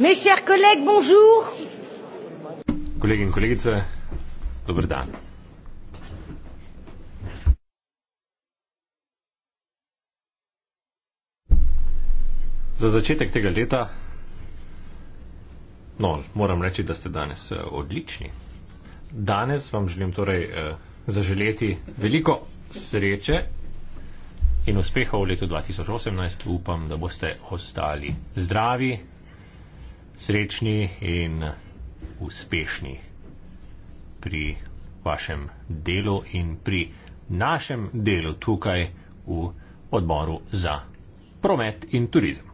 Mes chers collègues, bonjour. Kolegi in kolegice, dober dan. Za začetek tega leta, no, moram reči, da ste danes eh, odlični. Danes vam želim torej eh, zaželeti veliko sreče in uspeha v letu 2018. Upam, da boste ostali zdravi, srečni in uspešni pri vašem delu in pri našem delu tukaj v odboru za promet in turizem.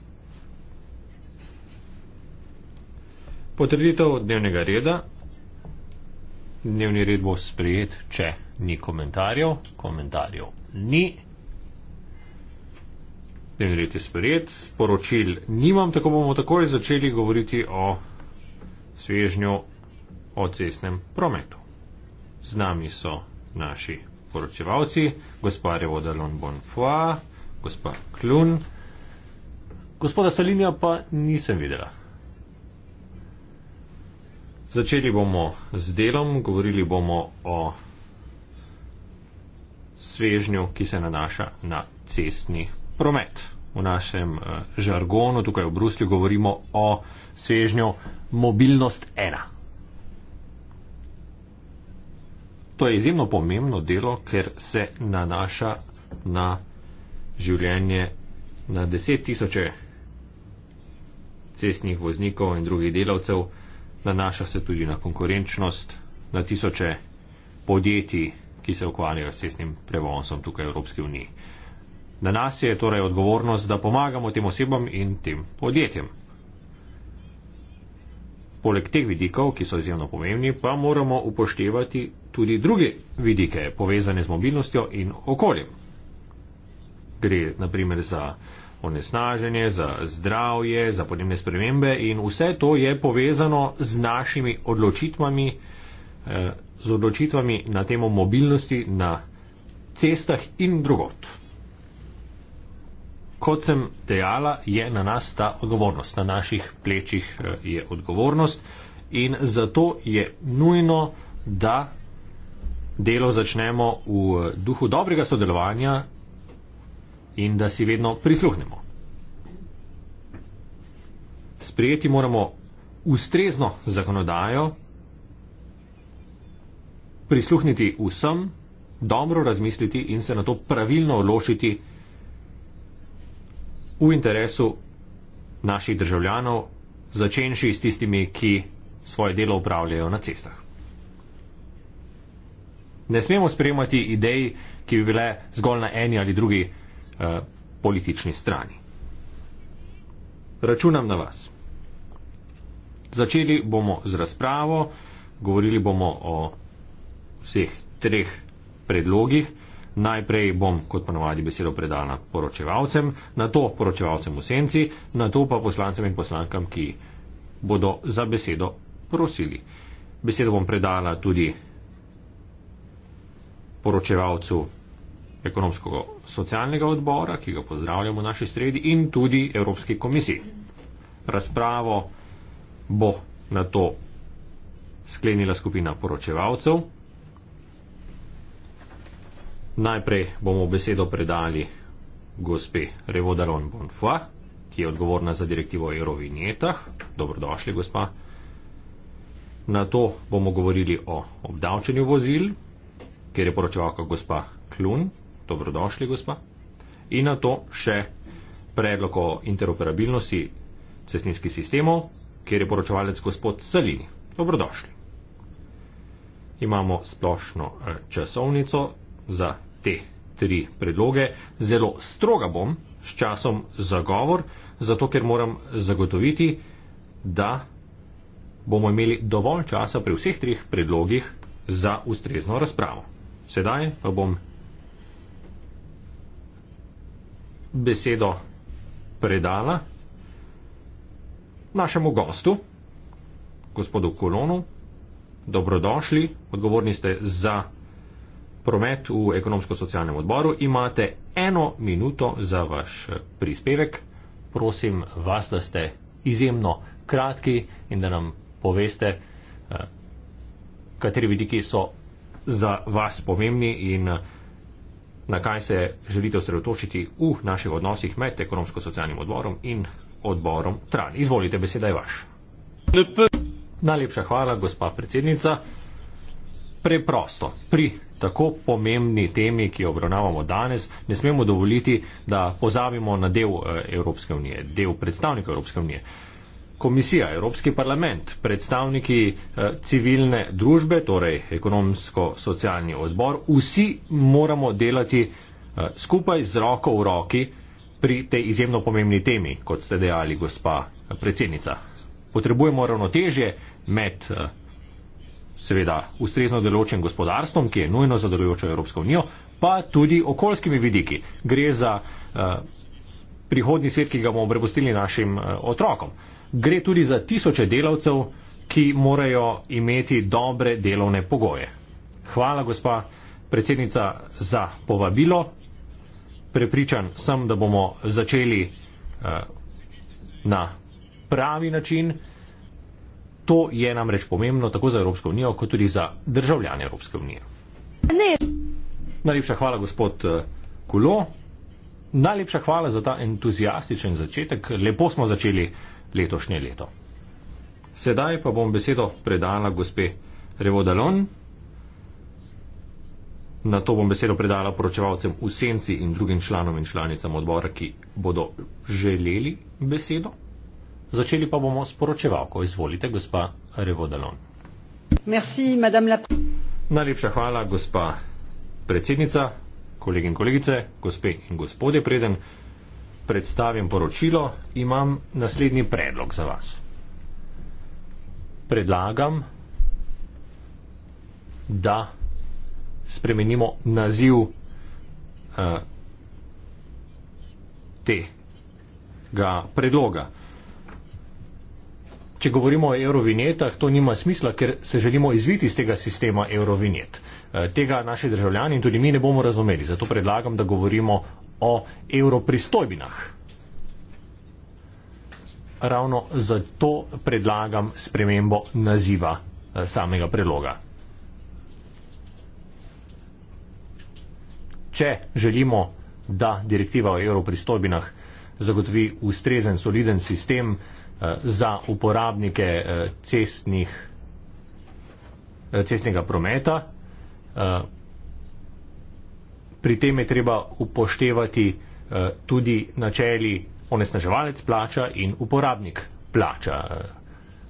Potrditev dnevnega reda. Dnevni red bo sprejet, če ni komentarjev. Komentarjev ni. Dnevni red je spored, sporočil nimam, tako bomo takoj začeli govoriti o svežnju o cestnem prometu. Z nami so naši poročevalci, gospa Revodalon Bonfoy, gospa Klun, gospoda Salinja pa nisem videla. Začeli bomo z delom, govorili bomo o svežnju, ki se nanaša na cestni prometu promet. V našem eh, žargonu tukaj v Bruslju govorimo o svežnju mobilnost ena. To je izjemno pomembno delo, ker se nanaša na življenje na deset tisoče cestnih voznikov in drugih delavcev, nanaša se tudi na konkurenčnost, na tisoče podjetij, ki se ukvarjajo s cestnim prevozom tukaj v Evropski uniji. Na nas je torej odgovornost, da pomagamo tem osebam in tem podjetjem. Poleg teh vidikov, ki so izjemno pomembni, pa moramo upoštevati tudi druge vidike, povezane z mobilnostjo in okoljem. Gre naprimer za onesnaženje, za zdravje, za podnebne spremembe in vse to je povezano z našimi odločitvami, eh, z odločitvami na temo mobilnosti na cestah in drugot kot sem dejala, je na nas ta odgovornost, na naših plečih eh, je odgovornost in zato je nujno, da delo začnemo v eh, duhu dobrega sodelovanja in da si vedno prisluhnemo. Sprijeti moramo ustrezno zakonodajo, prisluhniti vsem, dobro razmisliti in se na to pravilno odločiti, v interesu naših državljanov, začenši s tistimi, ki svoje delo upravljajo na cestah. Ne smemo sprejemati idej, ki bi bile zgolj na eni ali drugi eh, politični strani. Računam na vas. Začeli bomo z razpravo, govorili bomo o vseh treh predlogih. Najprej bom, kot ponavadi, besedo predala poročevalcem, na to poročevalcem v senci, na to pa poslancem in poslankam, ki bodo za besedo prosili. Besedo bom predala tudi poročevalcu ekonomsko-socialnega odbora, ki ga pozdravljamo v naši sredi, in tudi Evropski komisiji. Razpravo bo na to sklenila skupina poročevalcev. Najprej bomo besedo predali gospe Revodaron Bonfa, ki je odgovorna za direktivo o eurovinjetah. Dobrodošli, gospa. Na to bomo govorili o obdavčenju vozil, kjer je poročevalka gospa Klun. Dobrodošli, gospa. In na to še predlog o interoperabilnosti cestninskih sistemov, kjer je poročevalec gospod Salini. Dobrodošli. Imamo splošno eh, časovnico, za te tri predloge. Zelo stroga bom s časom za govor, zato ker moram zagotoviti, da bomo imeli dovolj časa pri vseh trih predlogih za ustrezno razpravo. Sedaj pa bom besedo predala našemu gostu, gospodu Kolonu. Dobrodošli, odgovorni ste za promet v ekonomsko-socialnem odboru. Imate eno minuto za vaš prispevek. Prosim vas, da ste izjemno kratki in da nam poveste, eh, kateri vidiki so za vas pomembni in eh, na kaj se želite osredotočiti v naših odnosih med ekonomsko-socialnim odborom in odborom TRAN. Izvolite, beseda je vaš. Najlepša hvala, gospa predsednica. Preprosto, pri tako pomembni temi, ki jo obravnavamo danes, ne smemo dovoliti, da pozabimo na del eh, Evropske unije, del predstavnika Evropske unije. Komisija, Evropski parlament, predstavniki eh, civilne družbe, torej ekonomsko-socialni odbor, vsi moramo delati eh, skupaj z roko v roki pri tej izjemno pomembni temi, kot ste dejali, gospa predsednica. Potrebujemo ravnotežje med seveda ustrezno deločen gospodarstvom, ki je nujno za delujočo Evropsko unijo, pa tudi okoljskimi vidiki. Gre za eh, prihodni svet, ki ga bomo prepustili našim eh, otrokom. Gre tudi za tisoče delavcev, ki morajo imeti dobre delovne pogoje. Hvala, gospa predsednica, za povabilo. Prepričan sem, da bomo začeli eh, na pravi način. To je namreč pomembno tako za Evropsko unijo, kot tudi za državljane Evropske unije. Ne. Najlepša hvala, gospod eh, Kulo. Najlepša hvala za ta entuzijastičen začetek. Lepo smo začeli letošnje leto. Sedaj pa bom besedo predala gospe Revodalon. Na to bom besedo predala poročevalcem v senci in drugim članom in članicam odbora, ki bodo želeli besedo. Začeli pa bomo s poročevalko. Izvolite, gospa Revodalon. Najlepša hvala, gospa predsednica, kolegi in kolegice, gospe in gospodje. Preden predstavim poročilo, imam naslednji predlog za vas. Predlagam, da spremenimo naziv uh, tega predloga če govorimo o eurovinjetah, to nima smisla, ker se želimo izviti iz tega sistema eurovinjet. Eh, tega naši državljani in tudi mi ne bomo razumeli. Zato predlagam, da govorimo o europristojbinah. Ravno zato predlagam spremembo naziva eh, samega predloga. Če želimo, da direktiva o europristojbinah zagotovi ustrezen, soliden sistem, Eh, za uporabnike eh, cestnih, eh, cestnega prometa. Pri tem je treba upoštevati tudi načeli onesnaževalec plača in uporabnik plača.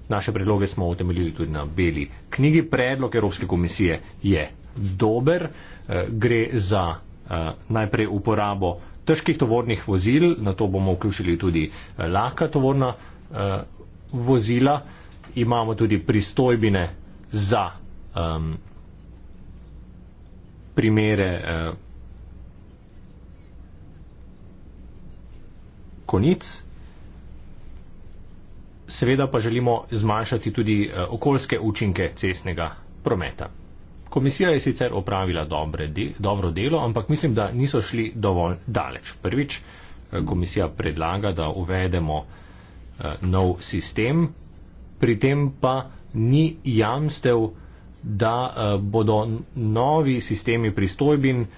Naše predloge smo utemeljili tudi na beli knjigi. Predlog Evropske komisije je dober. Gre za najprej uporabo težkih tovornih vozil, na to bomo vključili tudi lahka tovorna Eh, vozila, imamo tudi pristojbine za um, primere uh, konic. Seveda pa želimo zmanjšati tudi uh, okoljske učinke cestnega prometa. Komisija je sicer opravila dobre de dobro delo, ampak mislim, da niso šli dovolj daleč. Prvič, uh, komisija predlaga, da uvedemo uh, Eh, nov sistem, pri tem pa ni jamstev, da eh, bodo novi sistemi pristojbin eh,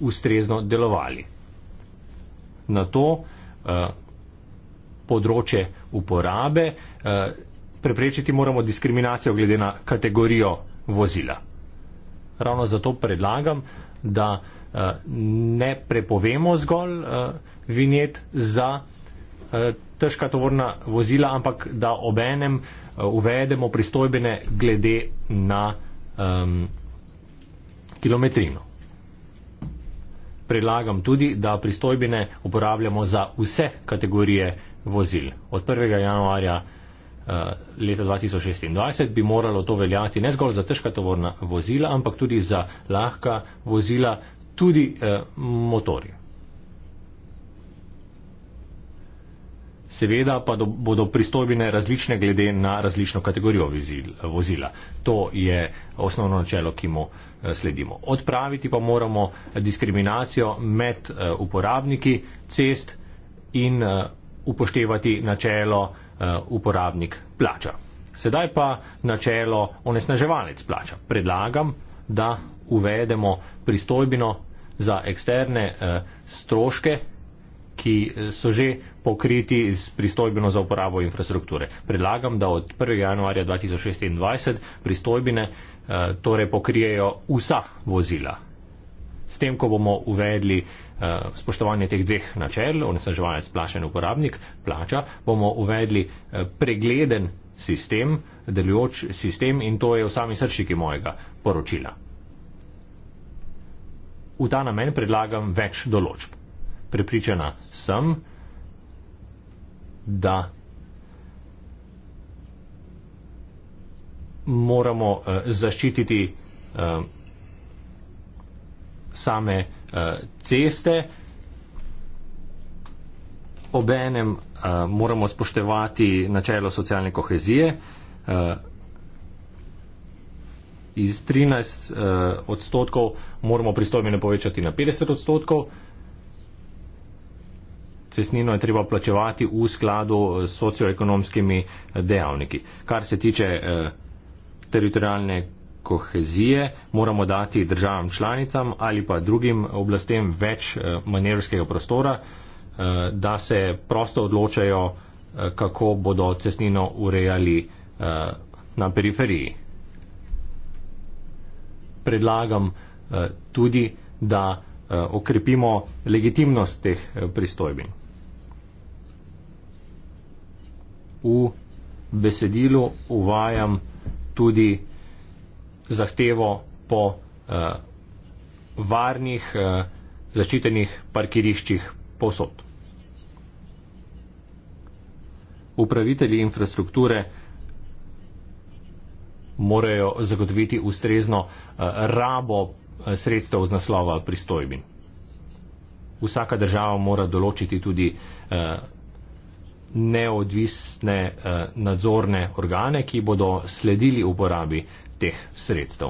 ustrezno delovali. Na to področje uporabe preprečiti moramo diskriminacijo glede na kategorijo vozila. Ravno zato predlagam, da ne prepovemo zgolj vinjet za težka tovorna vozila, ampak da obenem eh, uvedemo pristojbene glede na um, kilometrino. Predlagam tudi, da pristojbine uporabljamo za vse kategorije vozil. Od 1. januarja uh, leta 2026 bi moralo to veljati ne zgolj za težka tovorna vozila, ampak tudi za lahka vozila, tudi uh, motorje. Seveda pa do, bodo pristojbine različne glede na različno kategorijo vizil, vozila. To je osnovno načelo, ki mu eh, sledimo. Odpraviti pa moramo diskriminacijo med eh, uporabniki cest in eh, upoštevati načelo uporabnik plača. Sedaj pa načelo onesnaževalec plača. Predlagam, da uvedemo pristojbino za eksterne stroške, ki so že pokriti z pristojbino za uporabo infrastrukture. Predlagam, da od 1. januarja 2026 pristojbine eh, torej pokrijejo vsa vozila. S tem, ko bomo uvedli eh, spoštovanje teh dveh načel, onesnaževalec plačen uporabnik plača, bomo uvedli eh, pregleden sistem, delujoč sistem in to je v sami srčiki mojega poročila. V ta namen predlagam več določb. Pripričana sem, da moramo uh, zaščititi uh, same uh, ceste, obenem uh, moramo spoštevati načelo socialne kohezije. Uh, iz 13 uh, odstotkov moramo pristojbine povečati na 50 odstotkov. Uh, cestnino je treba plačevati v skladu s socioekonomskimi dejavniki. Kar se tiče eh, teritorijalne kohezije, moramo dati državam članicam ali pa drugim oblastem več eh, manevrskega prostora, eh, da se prosto odločajo, kako bodo cestnino urejali na periferiji. Predlagam tudi, da okrepimo legitimnost teh pristojbin. v besedilu uvajam tudi zahtevo po eh, varnih eh, zaščitenih parkiriščih posod. Upravitelji infrastrukture morajo zagotoviti ustrezno eh, rabo eh, sredstev z naslova pristojbin. Vsaka država mora določiti tudi eh, neodvisne eh, nadzorne organe, ki bodo sledili uporabi teh sredstev.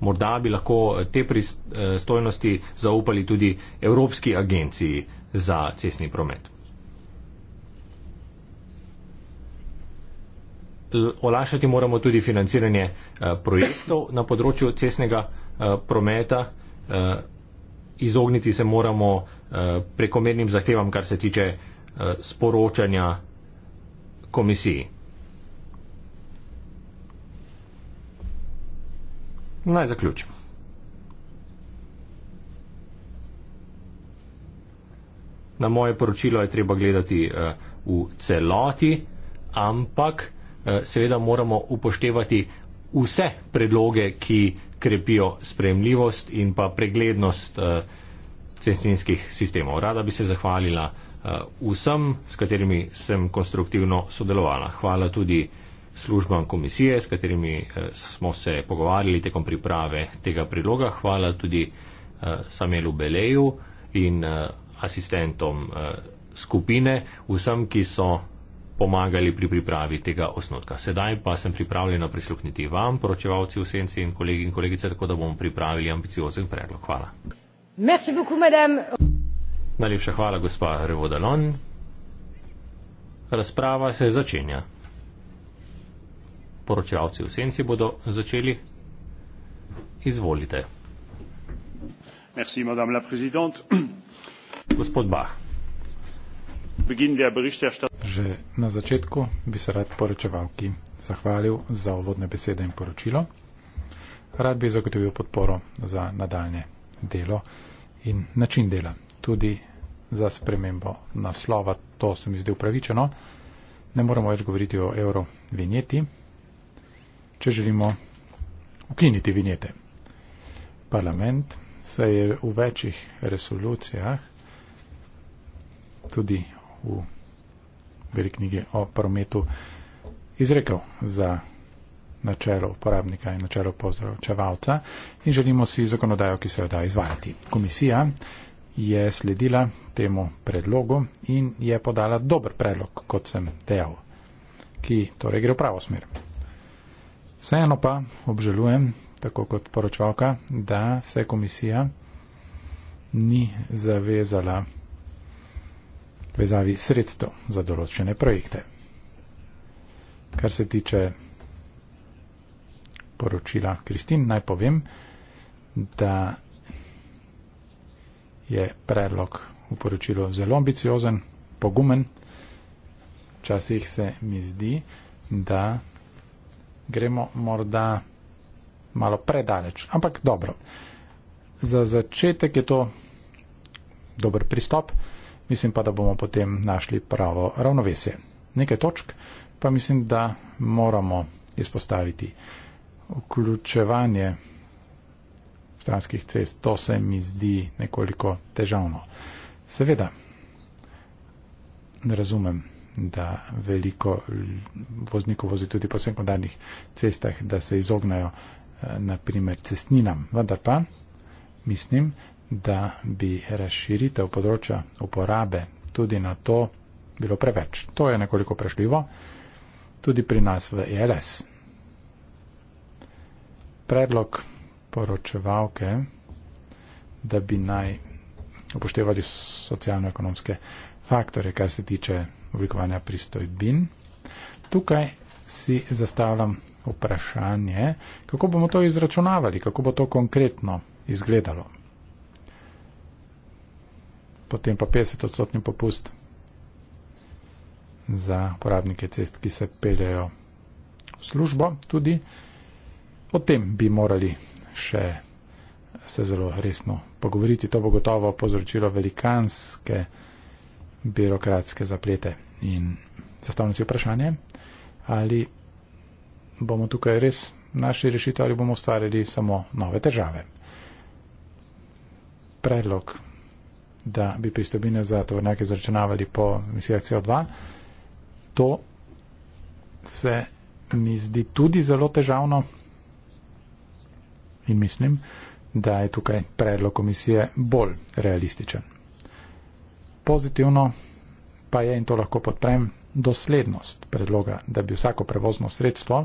Morda bi lahko eh, te pristojnosti eh, zaupali tudi Evropski agenciji za cestni promet. Olašati moramo tudi financiranje projektov na področju cestnega prometa. Izogniti se moramo Eh, prekomernim zahtevam, kar se tiče eh, sporočanja komisiji. Naj zaključim. Na moje poročilo je treba gledati eh, v celoti, ampak seveda moramo upoštevati vse predloge, ki krepijo spremljivost in pa preglednost uh, cestninskih sistemov. Rada bi se zahvalila eh, vsem, s katerimi sem konstruktivno sodelovala. Hvala tudi službam komisije, s katerimi eh, smo se pogovarjali tekom priprave tega priloga. Hvala tudi eh, Samelu Beleju in asistentom skupine, vsem, ki so pomagali pri pripravi tega osnotka. Sedaj pa sem pripravljena prisluhniti vam, poročevalci v senci in kolegi in kolegice, tako da bomo pripravili ambiciozen predlog. Hvala. Najlepša hvala, gospa Revodalon. Razprava se začenja. Poročevalci v senci bodo začeli. Izvolite. Merci, Gospod Bach. Že na začetku bi se rad poročevalki zahvalil za uvodne besede in poročilo. Rad bi zagotovil podporo za nadaljne delo in način dela. Tudi za spremembo naslova, to se mi zdi upravičeno, ne moramo več govoriti o evro vinjeti, če želimo ukiniti vinjete. Parlament se je v večjih resolucijah, tudi v veliki knjigi o prometu, izrekel za načelo uporabnika in načelo pozdravčevalca in želimo si zakonodajo, ki se jo da izvajati. Komisija je sledila temu predlogu in je podala dober predlog, kot sem dejal, ki torej gre v pravo smer. Vseeno pa obžalujem, tako kot poročevalka, da se komisija ni zavezala vezavi sredstev za določene projekte. Kar se tiče poročila Kristin, naj povem, da je predlog v poročilu zelo ambiciozen, pogumen. Včasih se mi zdi, da gremo morda malo predaleč. Ampak dobro, za začetek je to dober pristop, mislim pa, da bomo potem našli pravo ravnovesje. Nekaj točk pa mislim, da moramo izpostaviti vključevanje stranskih cest, to se mi zdi nekoliko težavno. Seveda, ne razumem, da veliko voznikov vozi tudi po sekundarnih cestah, da se izognajo eh, na primer cestninam. Vendar pa mislim, da bi razširitev področja uporabe tudi na to bilo preveč. To je nekoliko prešljivo tudi pri nas v ELS predlog poročevalke, da bi naj upoštevali socialno-ekonomske faktore, kar se tiče oblikovanja pristojbin. Tukaj si zastavljam vprašanje, kako bomo to izračunavali, kako bo to konkretno izgledalo. Potem pa 50 odstotni popust za uporabnike cest, ki se peljajo v službo tudi. O tem bi morali še se zelo resno pogovoriti. To bo gotovo povzročilo velikanske birokratske zaplete. In zastavljam si vprašanje, ali bomo tukaj res našli rešitev ali bomo ustvarili samo nove težave. Predlog, da bi pristobine za tovrnjake zračunavali po emisijah CO2, to se mi zdi tudi zelo težavno in mislim, da je tukaj predlog komisije bolj realističen. Pozitivno pa je, in to lahko podprem, doslednost predloga, da bi vsako prevozno sredstvo,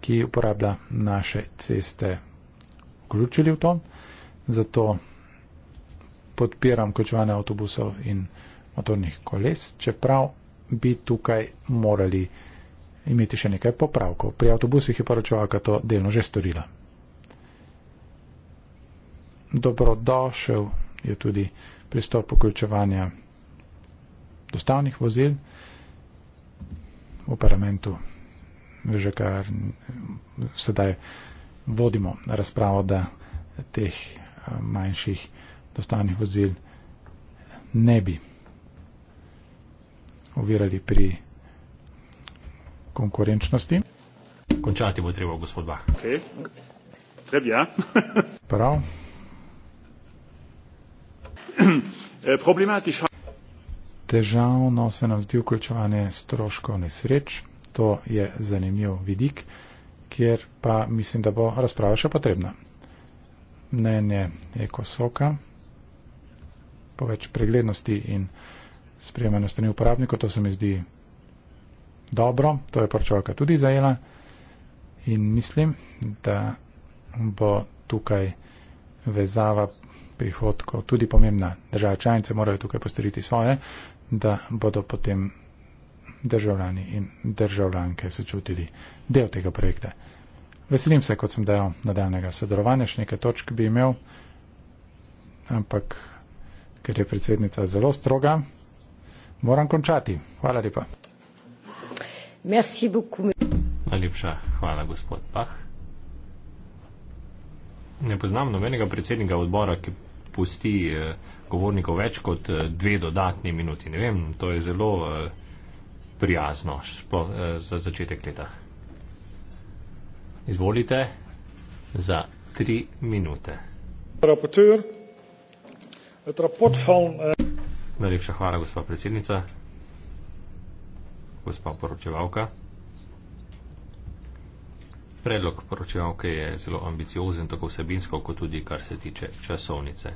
ki uporablja naše ceste, vključili v to. Zato podpiram vključevanje avtobusov in motornih koles, čeprav bi tukaj morali imeti še nekaj popravkov. Pri avtobusih je poročevalka to delno že storila dobrodošel je tudi pristop vključevanja dostavnih vozil v parlamentu. Že kar sedaj vodimo razpravo, da teh eh, manjših dostavnih vozil ne bi ovirali pri konkurenčnosti. Končati bo treba, gospod Bah. Okay. Treba. Prav. Eh, problematično. Težavno se nam zdi vključevanje stroškov nesreč, to je zanimiv vidik, kjer pa mislim, da bo razprava še potrebna. Mnenje ekosoka, po več preglednosti in sprejemanju strani uporabnikov, to se mi zdi dobro, to je porčovka tudi zajela in mislim, da bo tukaj vezava prihodkov tudi pomembna. Države članice morajo tukaj postoriti svoje, da bodo potem državljani in državljanke se čutili del tega projekta. Veselim se, kot sem dejal, nadaljnega sodelovanja, še nekaj točk bi imel, ampak ker je predsednica zelo stroga, moram končati. Hvala lepa. Najlepša hvala, gospod Pah. Ne poznam nobenega predsednika odbora, ki pusti eh, govornikov več kot eh, dve dodatni minuti. Ne vem, to je zelo eh, prijazno za začetek leta. Izvolite za tri minute. Rapporteur, het rapport van. Najlepša hvala, gospa predsednica, gospa poročevalka. Predlog poročevalke je zelo ambiciozen, tako vsebinsko, kot tudi kar se tiče časovnice.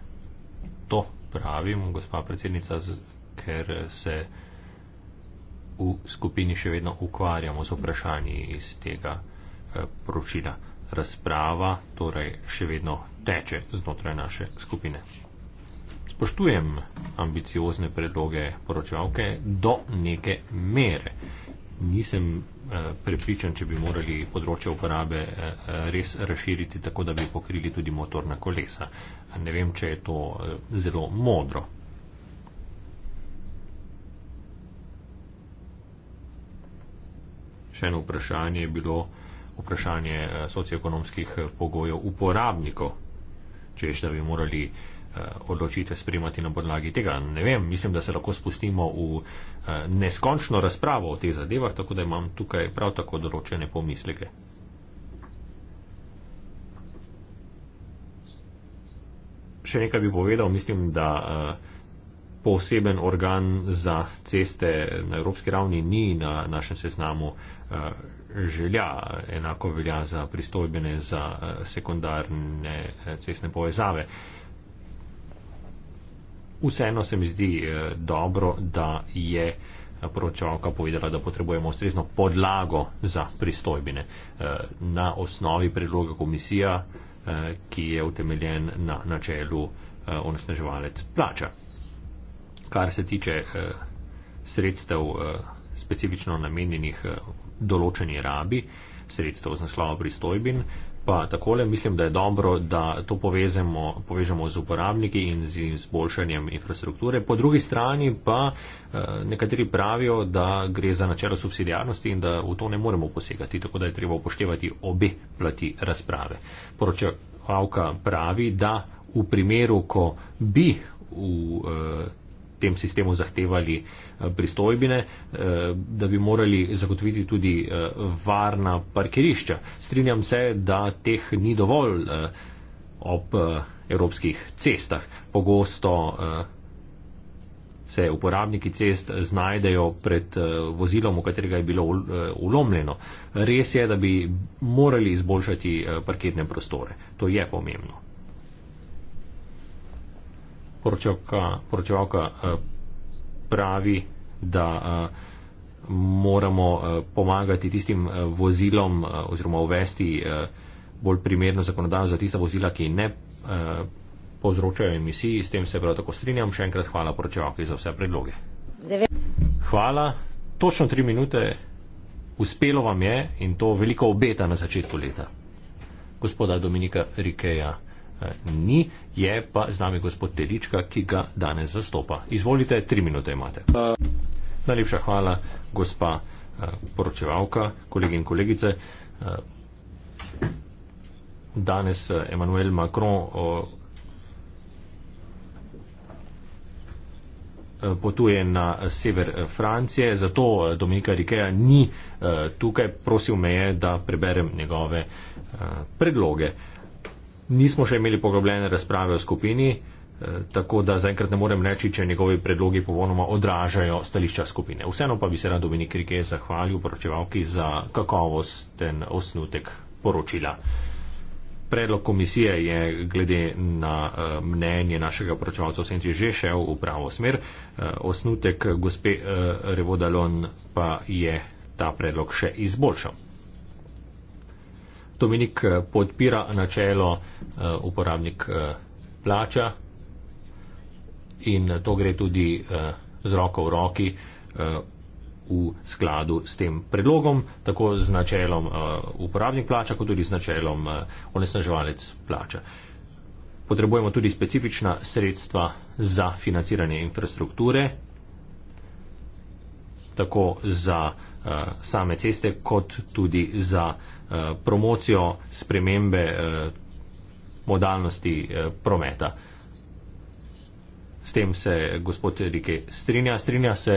To pravim, gospa predsednica, ker se v skupini še vedno ukvarjamo z vprašanji iz tega eh, poročila. Razprava torej še vedno teče znotraj naše skupine. Spoštujem ambiciozne predloge poročevalke do neke mere. Nisem Eh, prepričan, če bi morali področje uporabe eh, eh, res razširiti, tako da bi pokrili tudi motorna kolesa. Ne vem, če je to zelo modro. Še eno vprašanje je bilo vprašanje socioekonomskih pogojev uporabnikov, če je šta bi morali. Eh, odločitve sprejemati na podlagi tega. Ne vem, mislim, da se lahko spustimo v eh, neskončno razpravo o teh zadevah, tako da imam tukaj prav tako določene pomisleke. Še nekaj bi povedal, mislim, da eh, poseben organ za ceste na evropski ravni ni na našem seznamu želja. Enako velja za pristojbene, za sekundarne cestne povezave. Vseeno se mi zdi eh, dobro, da je poročavka povedala, da potrebujemo ustrezno podlago za pristojbine. Eh, na osnovi predloga komisija, eh, ki je utemeljen na načelu onesnaževalec plača. Kar se tiče sredstev specifično namenjenih določeni rabi, sredstev z naslova pristojbin, pa takole mislim, da je dobro, da to povezemo, povežemo z uporabniki in z izboljšanjem infrastrukture. Po drugi strani pa eh, nekateri pravijo, da gre za načelo subsidijarnosti in da v to ne moremo posegati, tako da je treba upoštevati obe plati razprave. Poročevalka pravi, da v primeru, ko bi v eh, tem sistemu zahtevali eh, pristojbine, eh, da bi morali zagotoviti tudi eh, varna parkirišča. Strinjam se, da teh ni dovolj ob evropskih cestah. Pogosto se uporabniki cest znajdejo pred vozilom, v katerega je bilo ulomljeno. Res je, da bi morali izboljšati parkirne prostore. To je pomembno poročevalka, poročevalka eh, pravi, da eh, moramo eh, pomagati tistim vozilom oziroma uvesti bolj primerno zakonodajo za tista vozila, ki ne povzročajo emisij. S tem se prav tako strinjam. Še enkrat hvala poročevalki za vse predloge. Hvala. Točno tri minute. Uspelo vam je in to veliko obeta na začetku leta. Gospoda Dominika Rikeja ni je pa z nami gospod Telička, ki ga danes zastopa. Izvolite, tri minute imate. Najlepša hvala, gospa eh, poročevalka, kolegi in kolegice. Eh, danes eh, Emmanuel Macron potuje na sever Francije, zato Dominika Rikeja ni tukaj. Prosil me je, da preberem njegove predloge. Nismo še imeli poglobljene razprave v skupini, eh, tako da zaenkrat ne morem reči, če njegovi predlogi povonoma odražajo stališča skupine. Vseeno pa bi se rad Dominik Rike zahvalil poročevalki za kakovosten osnutek poročila. Predlog komisije je glede na eh, mnenje našega poročevalca Osenti že šel v pravo smer. Eh, osnutek gospe Revodalon pa je ta predlog še izboljšal. Dominik eh, podpira načelo uh, uporabnik uh, plača in to gre tudi uh, z roko v roki uh, v skladu s tem predlogom, tako z načelom uh, uporabnik plača, kot tudi z načelom uh, onesnaževalec plača. Potrebujemo tudi specifična sredstva za financiranje infrastrukture, tako za uh, Eh, same ceste, kot tudi za eh, promocijo spremembe eh, modalnosti prometa. S tem se gospod Rike strinja. Strinja se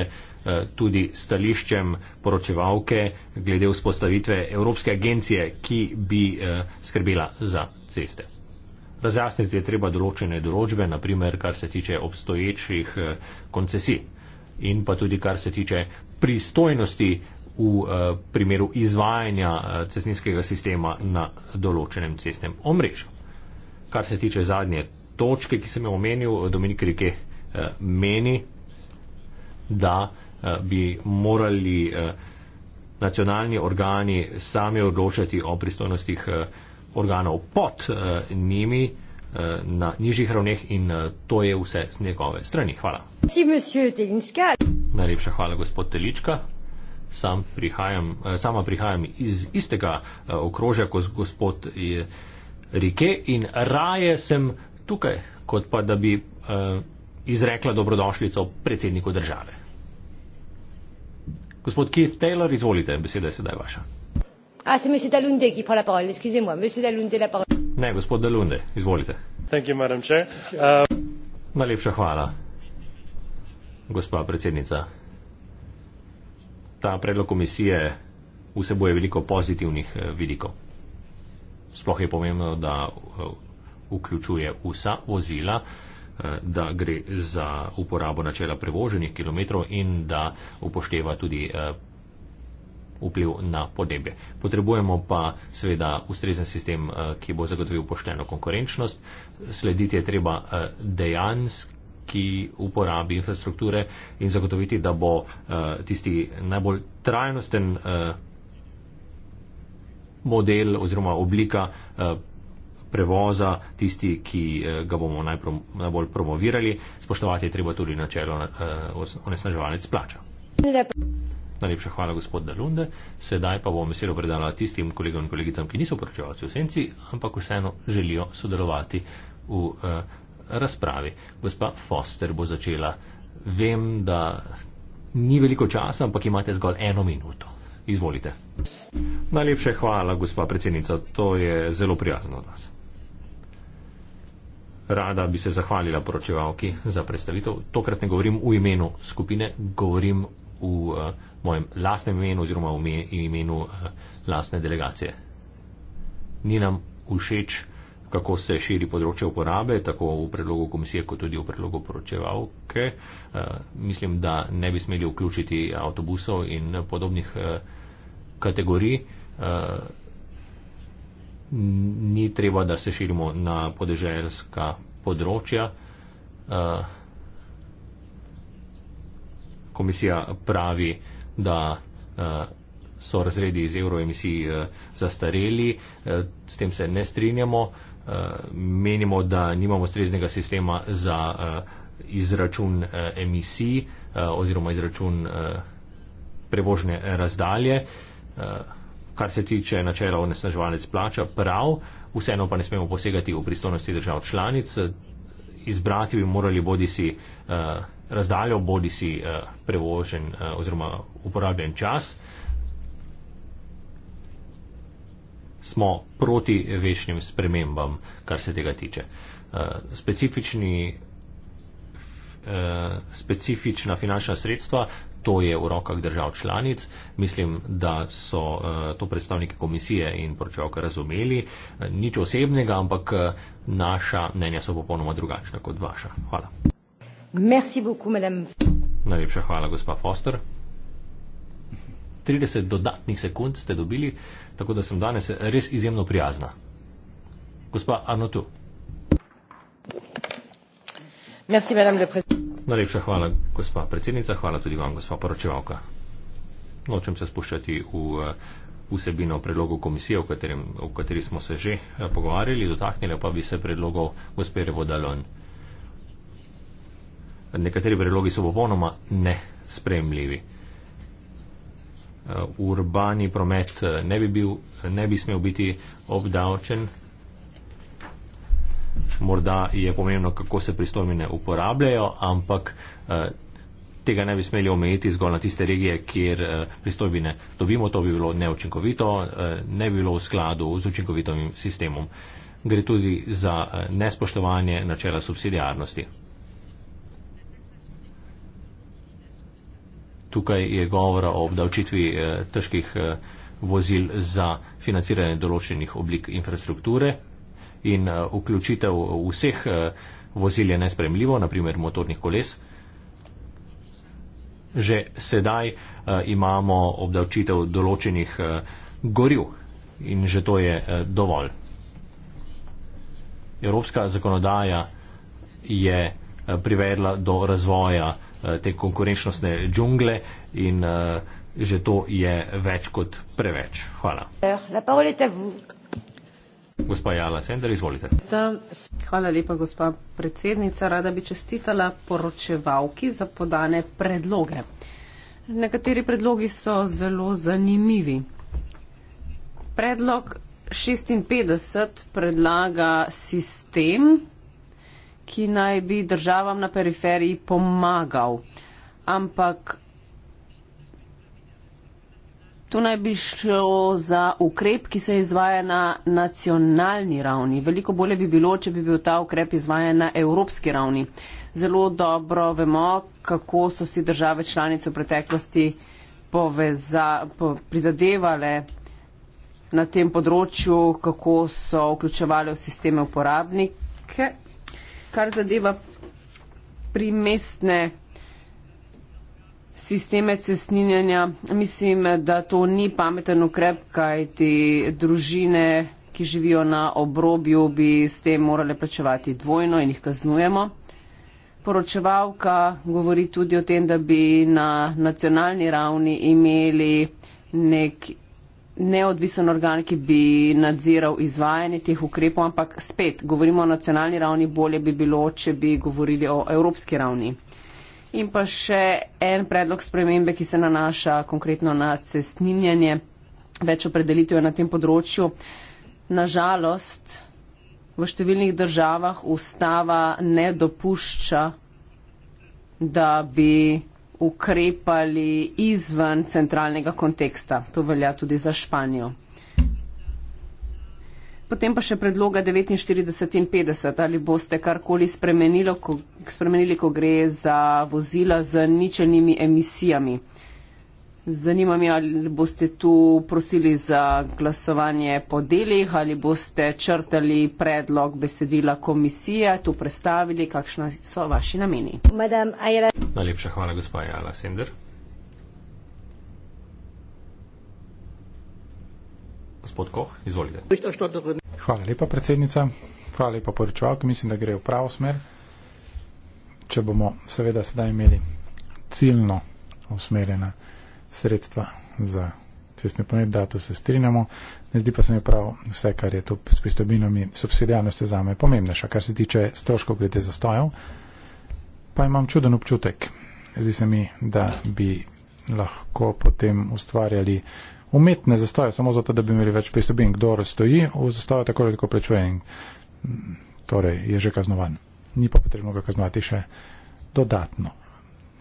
tudi stališčem poročevalke glede vzpostavitve Evropske agencije, ki bi skrbela za ceste. Razjasniti je treba določene določbe, naprimer kar se tiče obstoječih koncesij in pa tudi kar se tiče pristojnosti v uh, primeru izvajanja uh, cestninskega sistema na določenem cestnem omrežju. Kar se tiče zadnje točke, ki sem jo omenil, eh, Dominik Rike uh, meni, da uh, bi morali uh, nacionalni organi sami odločati o pristojnostih uh, organov pod uh, njimi na nižjih ravneh in to je vse z njegove strani. Hvala. Najlepša hvala, gospod Telička sam prihajam, eh, sama prihajam iz istega eh, okrožja kot gospod Rike in raje sem tukaj, kot pa da bi eh, izrekla dobrodošljico predsedniku države. Gospod Keith Taylor, izvolite, beseda je sedaj vaša. Ah, ne, gospod Delunde, izvolite. Najlepša hvala, gospa predsednica ta predlog komisije vseboje veliko pozitivnih eh, vidikov. Sploh je pomembno, da eh, vključuje vsa vozila, eh, da gre za uporabo načela prevoženih kilometrov in da upošteva tudi vpliv na podnebje. Potrebujemo pa seveda ustrezen sistem, ki bo zagotovil pošteno konkurenčnost. Slediti je treba dejansk ki uporabi infrastrukture in zagotoviti, da bo uh, tisti najbolj trajnosten uh, model oziroma oblika uh, prevoza tisti, ki uh, ga bomo najprom, najbolj promovirali. Spoštovati je treba tudi načelo uh, onesnaževalec plača. Lepo. Najlepša hvala, gospod Dalunde. Sedaj pa bom veselo predala tistim kolegom in kolegicam, ki niso poročevalci v senci, ampak vseeno želijo sodelovati v. Uh, razpravi. Gospa Foster bo začela. Vem, da ni veliko časa, ampak imate zgolj eno minuto. Izvolite. Najlepše hvala, gospa predsednica. To je zelo prijazno od vas. Rada bi se zahvalila poročevalki za predstavitev. Tokrat ne govorim v imenu skupine, govorim v uh, mojem lastnem imenu oziroma v imenu uh, lastne delegacije. Ni nam všeč kako se širi področje uporabe, tako v predlogu komisije, kot tudi v predlogu poročevalke. Eh, mislim, da ne bi smeli vključiti avtobusov in podobnih eh, kategorij. Eh, ni treba, da se širimo na podeželjska področja. Komisija pravi, da so razredi iz evroemisij zastareli, s tem se ne strinjamo menimo, da nimamo streznega sistema za uh, izračun uh, emisij uh, oziroma izračun uh, prevožne razdalje. Uh, kar se tiče načela onesnaževalec plača, prav, vseeno pa ne smemo posegati v pristojnosti držav članic, izbrati bi morali bodi si uh, razdaljo, bodi si uh, prevožen uh, oziroma uporabljen čas. Uh, smo proti večnim spremembam, kar se tega tiče. Eh, specifični, eh, specifična finančna sredstva, to je v rokah držav članic. Mislim, da so eh, to predstavniki komisije in poročevalka razumeli. Nič osebnega, ampak naša mnenja so popolnoma drugačna kot vaša. Hvala. Merci beaucoup, madame. Najlepša hvala, gospa Foster. 30 dodatnih sekund ste dobili, tako da sem danes res izjemno prijazna. Gospa Arnotu. Najlepša hvala, gospa predsednica, hvala tudi vam, gospa poročevalka. Nočem se spuščati v eh, vsebino predlogu komisije, o, katerim, o kateri smo se že eh, pogovarjali, dotaknili pa bi se predlogov gospe Revodalon. Nekateri predlogi so popolnoma nesprejemljivi. Eh, urbani promet eh, ne bi, bil, eh, ne bi smel biti obdavčen. Morda je pomembno, kako se pristojbine uporabljajo, ampak tega ne bi smeli omejiti zgolj na tiste regije, kjer pristojbine dobimo. To bi bilo neučinkovito, ne bi bilo v skladu z učinkovitim sistemom. Gre tudi za nespoštovanje načela subsidijarnosti. tukaj je govora o obdavčitvi eh, težkih eh, vozil za financiranje določenih oblik infrastrukture in eh, vključitev vseh vozil je nespremljivo, naprimer motornih koles. Že sedaj imamo obdavčitev določenih goril in že to je dovolj. Evropska zakonodaja je privedla do razvoja Eh, te konkurenčnostne džungle in eh, že to je več kot preveč. Hvala. Gospa Jala Sender, izvolite. Hvala lepa, gospa predsednica. Rada bi čestitala poročevalki za podane predloge. Nekateri predlogi so zelo zanimivi. Predlog 56 predlaga sistem, ki naj bi državam na periferiji pomagal. Ampak tu naj bi šlo za ukrep, ki se izvaja na nacionalni ravni. Veliko bolje bi bilo, če bi bil ta ukrep izvajan na evropski ravni. Zelo dobro vemo, kako so si države članice v preteklosti poveza, po, prizadevale na tem področju, kako so vključevali v sisteme uporabnike, kar zadeva primestne sisteme cestninjanja, mislim, da to ni pameten ukrep, kaj ti družine, ki živijo na obrobju, bi s tem morale plačevati dvojno in jih kaznujemo. Poročevalka govori tudi o tem, da bi na nacionalni ravni imeli nek neodvisen organ, ki bi nadziral izvajanje teh ukrepov, ampak spet govorimo o nacionalni ravni, bolje bi bilo, če bi govorili o evropski ravni. In pa še en predlog spremembe, ki se nanaša konkretno na cestninjanje, več opredelitev na tem področju. Nažalost, v številnih državah ustava ne dopušča, da bi ukrepali izven centralnega konteksta. To velja tudi za Španijo. Potem pa še predloga 49 in 50. Ali boste karkoli spremenili, ko, spremenili, ko gre za vozila z ničenimi emisijami? Zanima me, ali boste tu prosili za glasovanje po delih, ali boste črtali predlog besedila komisije, tu predstavili, kakšne so vaši nameni. Najlepša hvala, gospa Jala Sender. Gospod Koh, izvolite. Hvala lepa, predsednica. Hvala lepa, poročevalka. Mislim, da gre v pravo smer. Če bomo seveda sedaj imeli ciljno usmerjena sredstva za cestne planete, da to se strinjamo. Ne zdi pa se mi prav vse, kar je to s pristobinami subsidijalnosti za me pomembnejša, kar se tiče stroškov glede zastojev. Pa imam čuden občutek. Zdi se mi, da bi lahko potem ustvarjali umetne zastoje, samo zato, da bi imeli več pristobin. Kdor stoji v zastoju, tako ali tako plačuje. Mm, torej, je že kaznovan. Ni pa potrebno ga kaznovati še dodatno.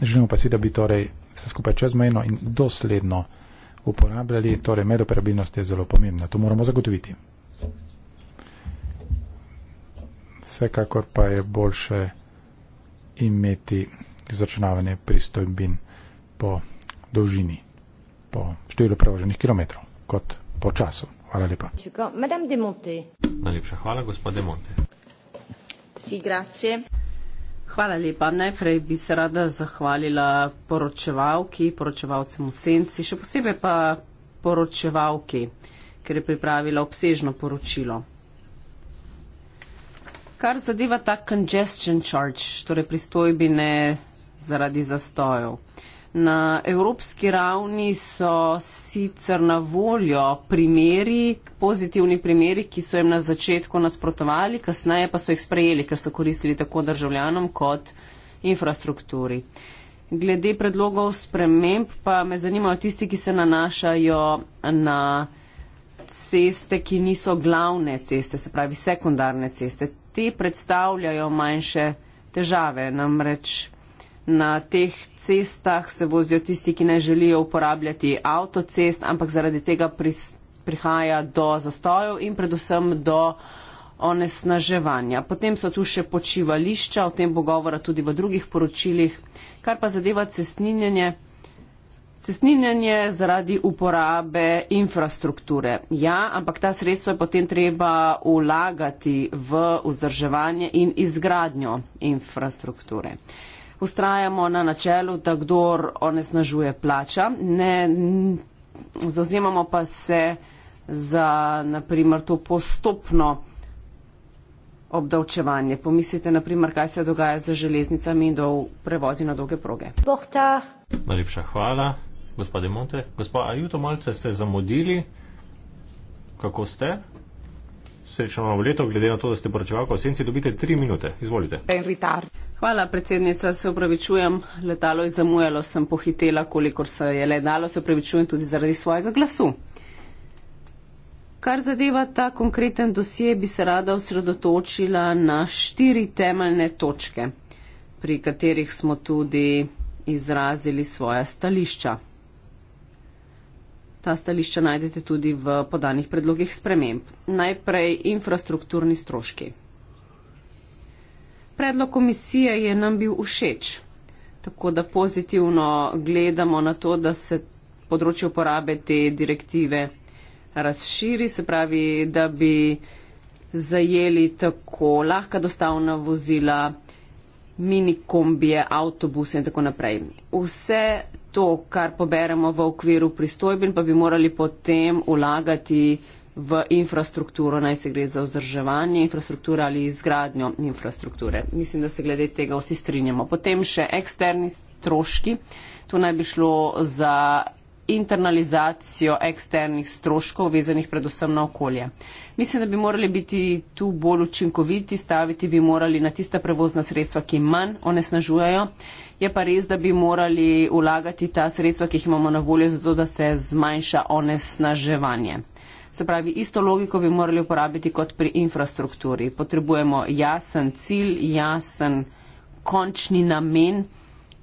Želimo pa si, da bi torej se skupaj čezmejno in dosledno uporabljali, torej medoperabilnost je zelo pomembna. To moramo zagotoviti. Vsekakor pa je boljše imeti izračunavanje pristojbin po dolžini, po številu prevoženih kilometrov, kot po času. Hvala lepa. Najlepša hvala, gospod Demonte. Si, grazie. Hvala lepa. Najprej bi se rada zahvalila poročevalki, poročevalcem v senci, še posebej pa poročevalki, ker je pripravila obsežno poročilo. Kar zadeva ta congestion charge, torej pristojbine zaradi zastojev. Uh, Na evropski ravni so sicer na voljo primeri, pozitivni primeri, ki so jim na začetku nasprotovali, kasneje pa so jih sprejeli, ker so koristili tako državljanom kot infrastrukturi. Glede predlogov sprememb pa me zanimajo tisti, ki se nanašajo na ceste, ki niso glavne ceste, se pravi sekundarne ceste. Te predstavljajo manjše težave, namreč na teh cestah se vozijo tisti, ki ne želijo uporabljati avtocest, ampak zaradi tega prihaja do zastojev in predvsem do onesnaževanja. Potem so tu še počivališča, o tem bo govora tudi v drugih poročilih, kar pa zadeva cestninjenje. Cestninjenje zaradi uporabe infrastrukture. Ja, ampak ta sredstva je potem treba vlagati v vzdrževanje in izgradnjo infrastrukture. Uh, ustrajamo na načelu, da kdor onesnažuje plača. Ne, zauzemamo pa se za naprimer to postopno obdavčevanje. Pomislite naprimer, kaj se dogaja z železnicami in dol prevozi na dolge proge. Bohta. Najlepša hvala, gospod Demonte. Gospod Ajuto, malce ste zamudili. Kako ste? Srečno novo leto, glede na to, da ste poročevalka v senci, dobite tri minute. Izvolite. En ritard. Hvala, predsednica, se upravičujem, letalo je zamujalo, sem pohitela, kolikor se je le dalo, se upravičujem tudi zaradi svojega glasu. Kar zadeva ta konkreten dosje, bi se rada osredotočila na štiri temeljne točke, pri katerih smo tudi izrazili svoja stališča. Ta stališča najdete tudi v podanih predlogih sprememb. Najprej infrastrukturni stroški. Predlog komisije je nam bil všeč, tako da pozitivno gledamo na to, da se področje uporabe te direktive razširi, se pravi, da bi zajeli tako lahka dostavna vozila, mini kombije, avtobuse in tako naprej. Vse to, kar poberemo v okviru pristojbin, pa bi morali potem vlagati v infrastrukturo, naj se gre za vzdrževanje infrastrukture ali izgradnjo infrastrukture. Mislim, da se glede tega vsi strinjamo. Potem še eksterni stroški. Tu naj bi šlo za internalizacijo eksternih stroškov, vezanih predvsem na okolje. Mislim, da bi morali biti tu bolj učinkoviti, staviti bi morali na tista prevozna sredstva, ki manj onesnažujejo. Je pa res, da bi morali ulagati ta sredstva, ki jih imamo na voljo, zato da se zmanjša onesnaževanje. Se pravi, isto logiko bi morali uporabiti kot pri infrastrukturi. Potrebujemo jasen cilj, jasen končni namen,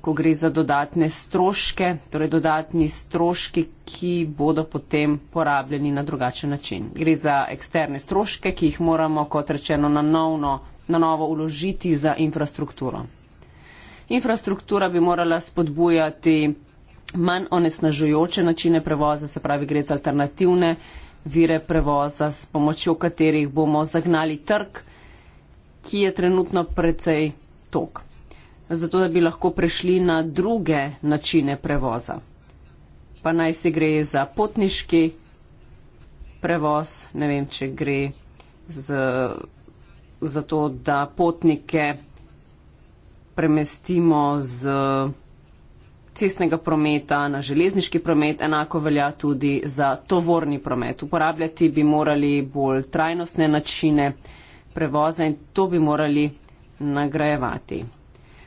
ko gre za dodatne stroške, torej dodatni stroški, ki bodo potem porabljeni na drugačen način. Gre za eksterne stroške, ki jih moramo, kot rečeno, na, novno, na novo uložiti za infrastrukturo. Infrastruktura bi morala spodbujati manj onesnažujoče načine prevoza, se pravi, gre za alternativne vire prevoza, s pomočjo katerih bomo zagnali trg, ki je trenutno precej tok, zato da bi lahko prešli na druge načine prevoza. Pa naj se gre za potniški prevoz, ne vem, če gre z, za to, da potnike premestimo z cestnega prometa, na železniški promet, enako velja tudi za tovorni promet. Uporabljati bi morali bolj trajnostne načine prevoza in to bi morali nagrajevati.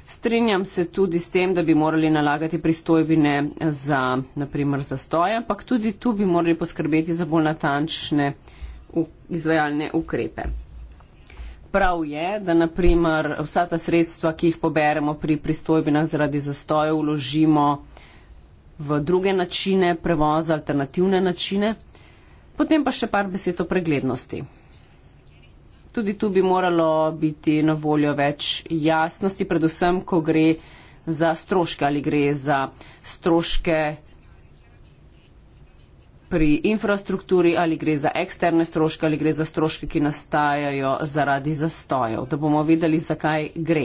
Strinjam se tudi s tem, da bi morali nalagati pristojbine za naprimer zastoje, ampak tudi tu bi morali poskrbeti za bolj natančne izvajalne ukrepe prav je, da naprimer vsa ta sredstva, ki jih poberemo pri pristojbinah zaradi zastoja, vložimo v druge načine prevoza, alternativne načine. Potem pa še par besed o preglednosti. Tudi tu bi moralo biti na voljo več jasnosti, predvsem, ko gre za stroške ali gre za stroške pri infrastrukturi, ali gre za eksterne stroške, ali gre za stroške, ki nastajajo zaradi zastojev. Da bomo videli, zakaj gre.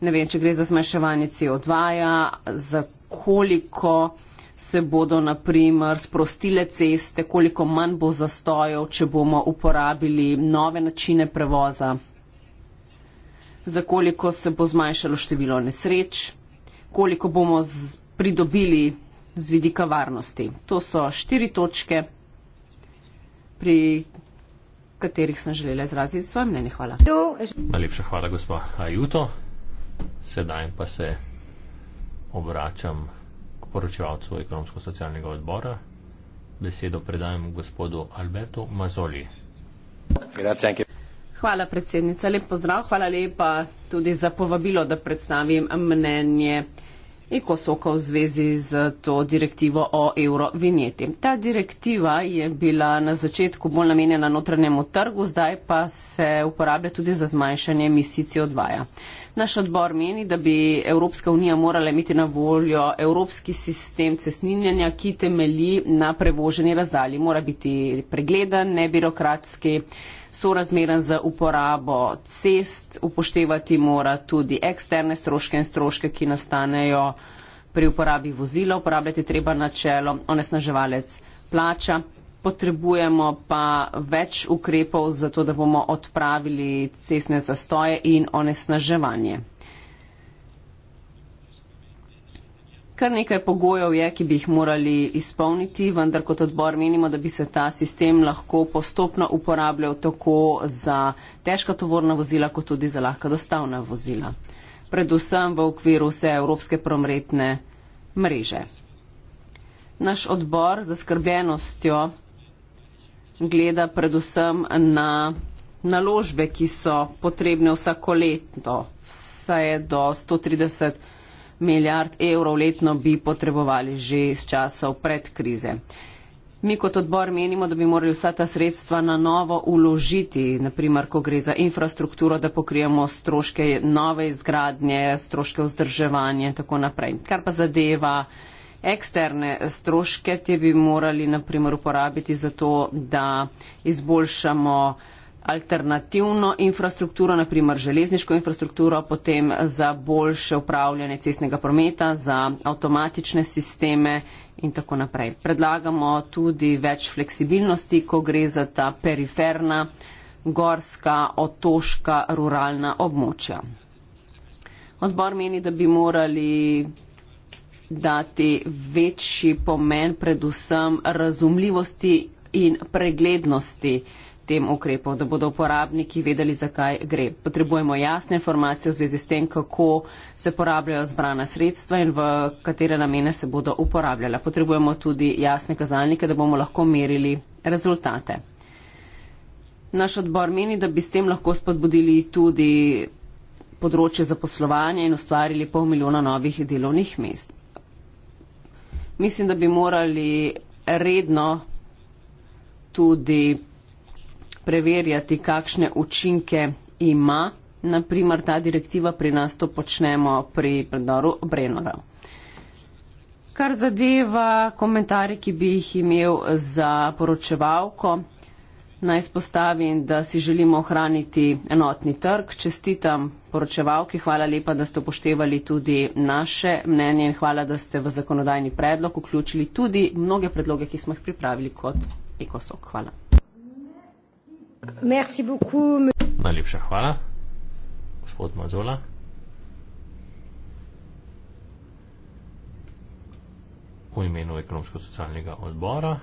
Ne vem, če gre za zmanjševanje CO2, ja, za koliko se bodo, naprimer, sprostile ceste, koliko manj bo zastojev, če bomo uporabili nove načine prevoza, za koliko se bo zmanjšalo število nesreč, koliko bomo pridobili z vidika varnosti. To so štiri točke, pri katerih sem želela izraziti svoje mnenje. Hvala. Najlepša hvala, gospa Ajuto. Sedaj pa se obračam k poročevalcu ekonomsko-socialnega odbora. Besedo predajam gospodu Albertu Mazoli. Hvala, predsednica. Lep pozdrav. Hvala lepa tudi za povabilo, da predstavim mnenje. ECOSOK-a v zvezi z to direktivo o eurovinjeti. Ta direktiva je bila na začetku bolj namenjena notranjemu trgu, zdaj pa se uporablja tudi za zmanjšanje emisij CO2. -ja. Naš odbor meni, da bi Evropska unija morala imeti na voljo evropski sistem cestninjanja, ki temelji na prevoženi razdalji. Mora biti pregledan, nebirokratski sorazmeren z uporabo cest, upoštevati mora tudi eksterne stroške in stroške, ki nastanejo pri uporabi vozila, uporabljati treba načelo, onesnaževalec plača. Potrebujemo pa več ukrepov za to, da bomo odpravili cestne zastoje in onesnaževanje. kar nekaj pogojev je, ki bi jih morali izpolniti, vendar kot odbor menimo, da bi se ta sistem lahko postopno uporabljal tako za težka tovorna vozila, kot tudi za lahka dostavna vozila. Predvsem v okviru vse Evropske promretne mreže. Naš odbor za skrbljenostjo gleda predvsem na naložbe, ki so potrebne vsako leto, vse do 130 milijard evrov letno bi potrebovali že iz časov pred krize. Mi kot odbor menimo, da bi morali vsa ta sredstva na novo uložiti, naprimer, ko gre za infrastrukturo, da pokrijemo stroške nove izgradnje, stroške vzdrževanja in tako naprej. Kar pa zadeva eksterne stroške, te bi morali, naprimer, uporabiti za to, da izboljšamo alternativno infrastrukturo, naprimer železniško infrastrukturo, potem za boljše upravljanje cestnega prometa, za avtomatične sisteme in tako naprej. Predlagamo tudi več fleksibilnosti, ko gre za ta periferna, gorska, otoška, ruralna območja. Odbor meni, da bi morali dati večji pomen predvsem razumljivosti in preglednosti uh, tem ukrepov, da bodo uporabniki vedeli, zakaj gre. Potrebujemo jasne informacije v zvezi s tem, kako se porabljajo zbrana sredstva in v katere namene se bodo uporabljala. Potrebujemo tudi jasne kazalnike, da bomo lahko merili rezultate. Naš odbor meni, da bi s tem lahko spodbudili tudi področje zaposlovanja in ustvarili pol milijona novih delovnih mest. Mislim, da bi morali redno tudi preverjati, kakšne učinke ima. Naprimer, ta direktiva pri nas to počnemo pri predoru Brenora. Kar zadeva komentarje, ki bi jih imel za poročevalko, naj spostavim, da si želimo ohraniti enotni trg. Čestitam poročevalki, hvala lepa, da ste upoštevali tudi naše mnenje in hvala, da ste v zakonodajni predlog vključili tudi mnoge predloge, ki smo jih pripravili kot ekosok. Hvala. Merci beaucoup. Najlepša hvala, gospod Mazola. V imenu ekonomsko-socialnega odbora.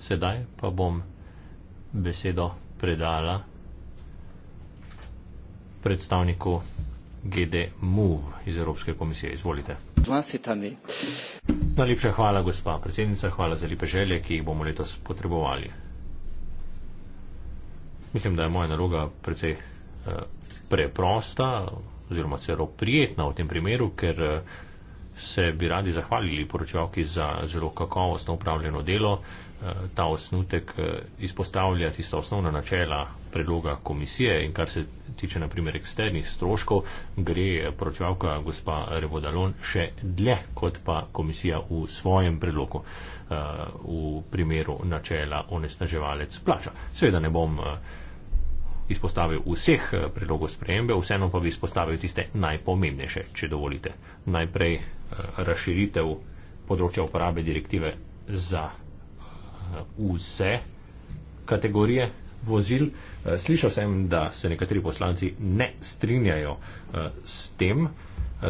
Sedaj pa bom besedo predala predstavniku GD MOV iz Evropske komisije. Izvolite. Najlepša hvala, gospa predsednica. Hvala za lepe želje, ki jih bomo letos potrebovali mislim, da je moja naloga precej eh, preprosta oziroma celo prijetna v tem primeru, ker eh, se bi radi zahvalili poročevalki za zelo kakovostno upravljeno delo. Eh, ta osnutek eh, izpostavlja tista osnovna načela predloga komisije in kar se tiče naprimer eksternih stroškov, gre eh, pročevalka gospa Revodalon še dlje kot pa komisija v svojem predlogu v primeru načela onesnaževalec plača. Seveda ne bom izpostavil vseh predlogov sprejembe, vseeno pa bi izpostavil tiste najpomembnejše, če dovolite. Najprej razširitev področja uporabe direktive za Eh, vse kategorije vozil. Eh, slišal sem, da se nekateri poslanci ne strinjajo eh, s tem,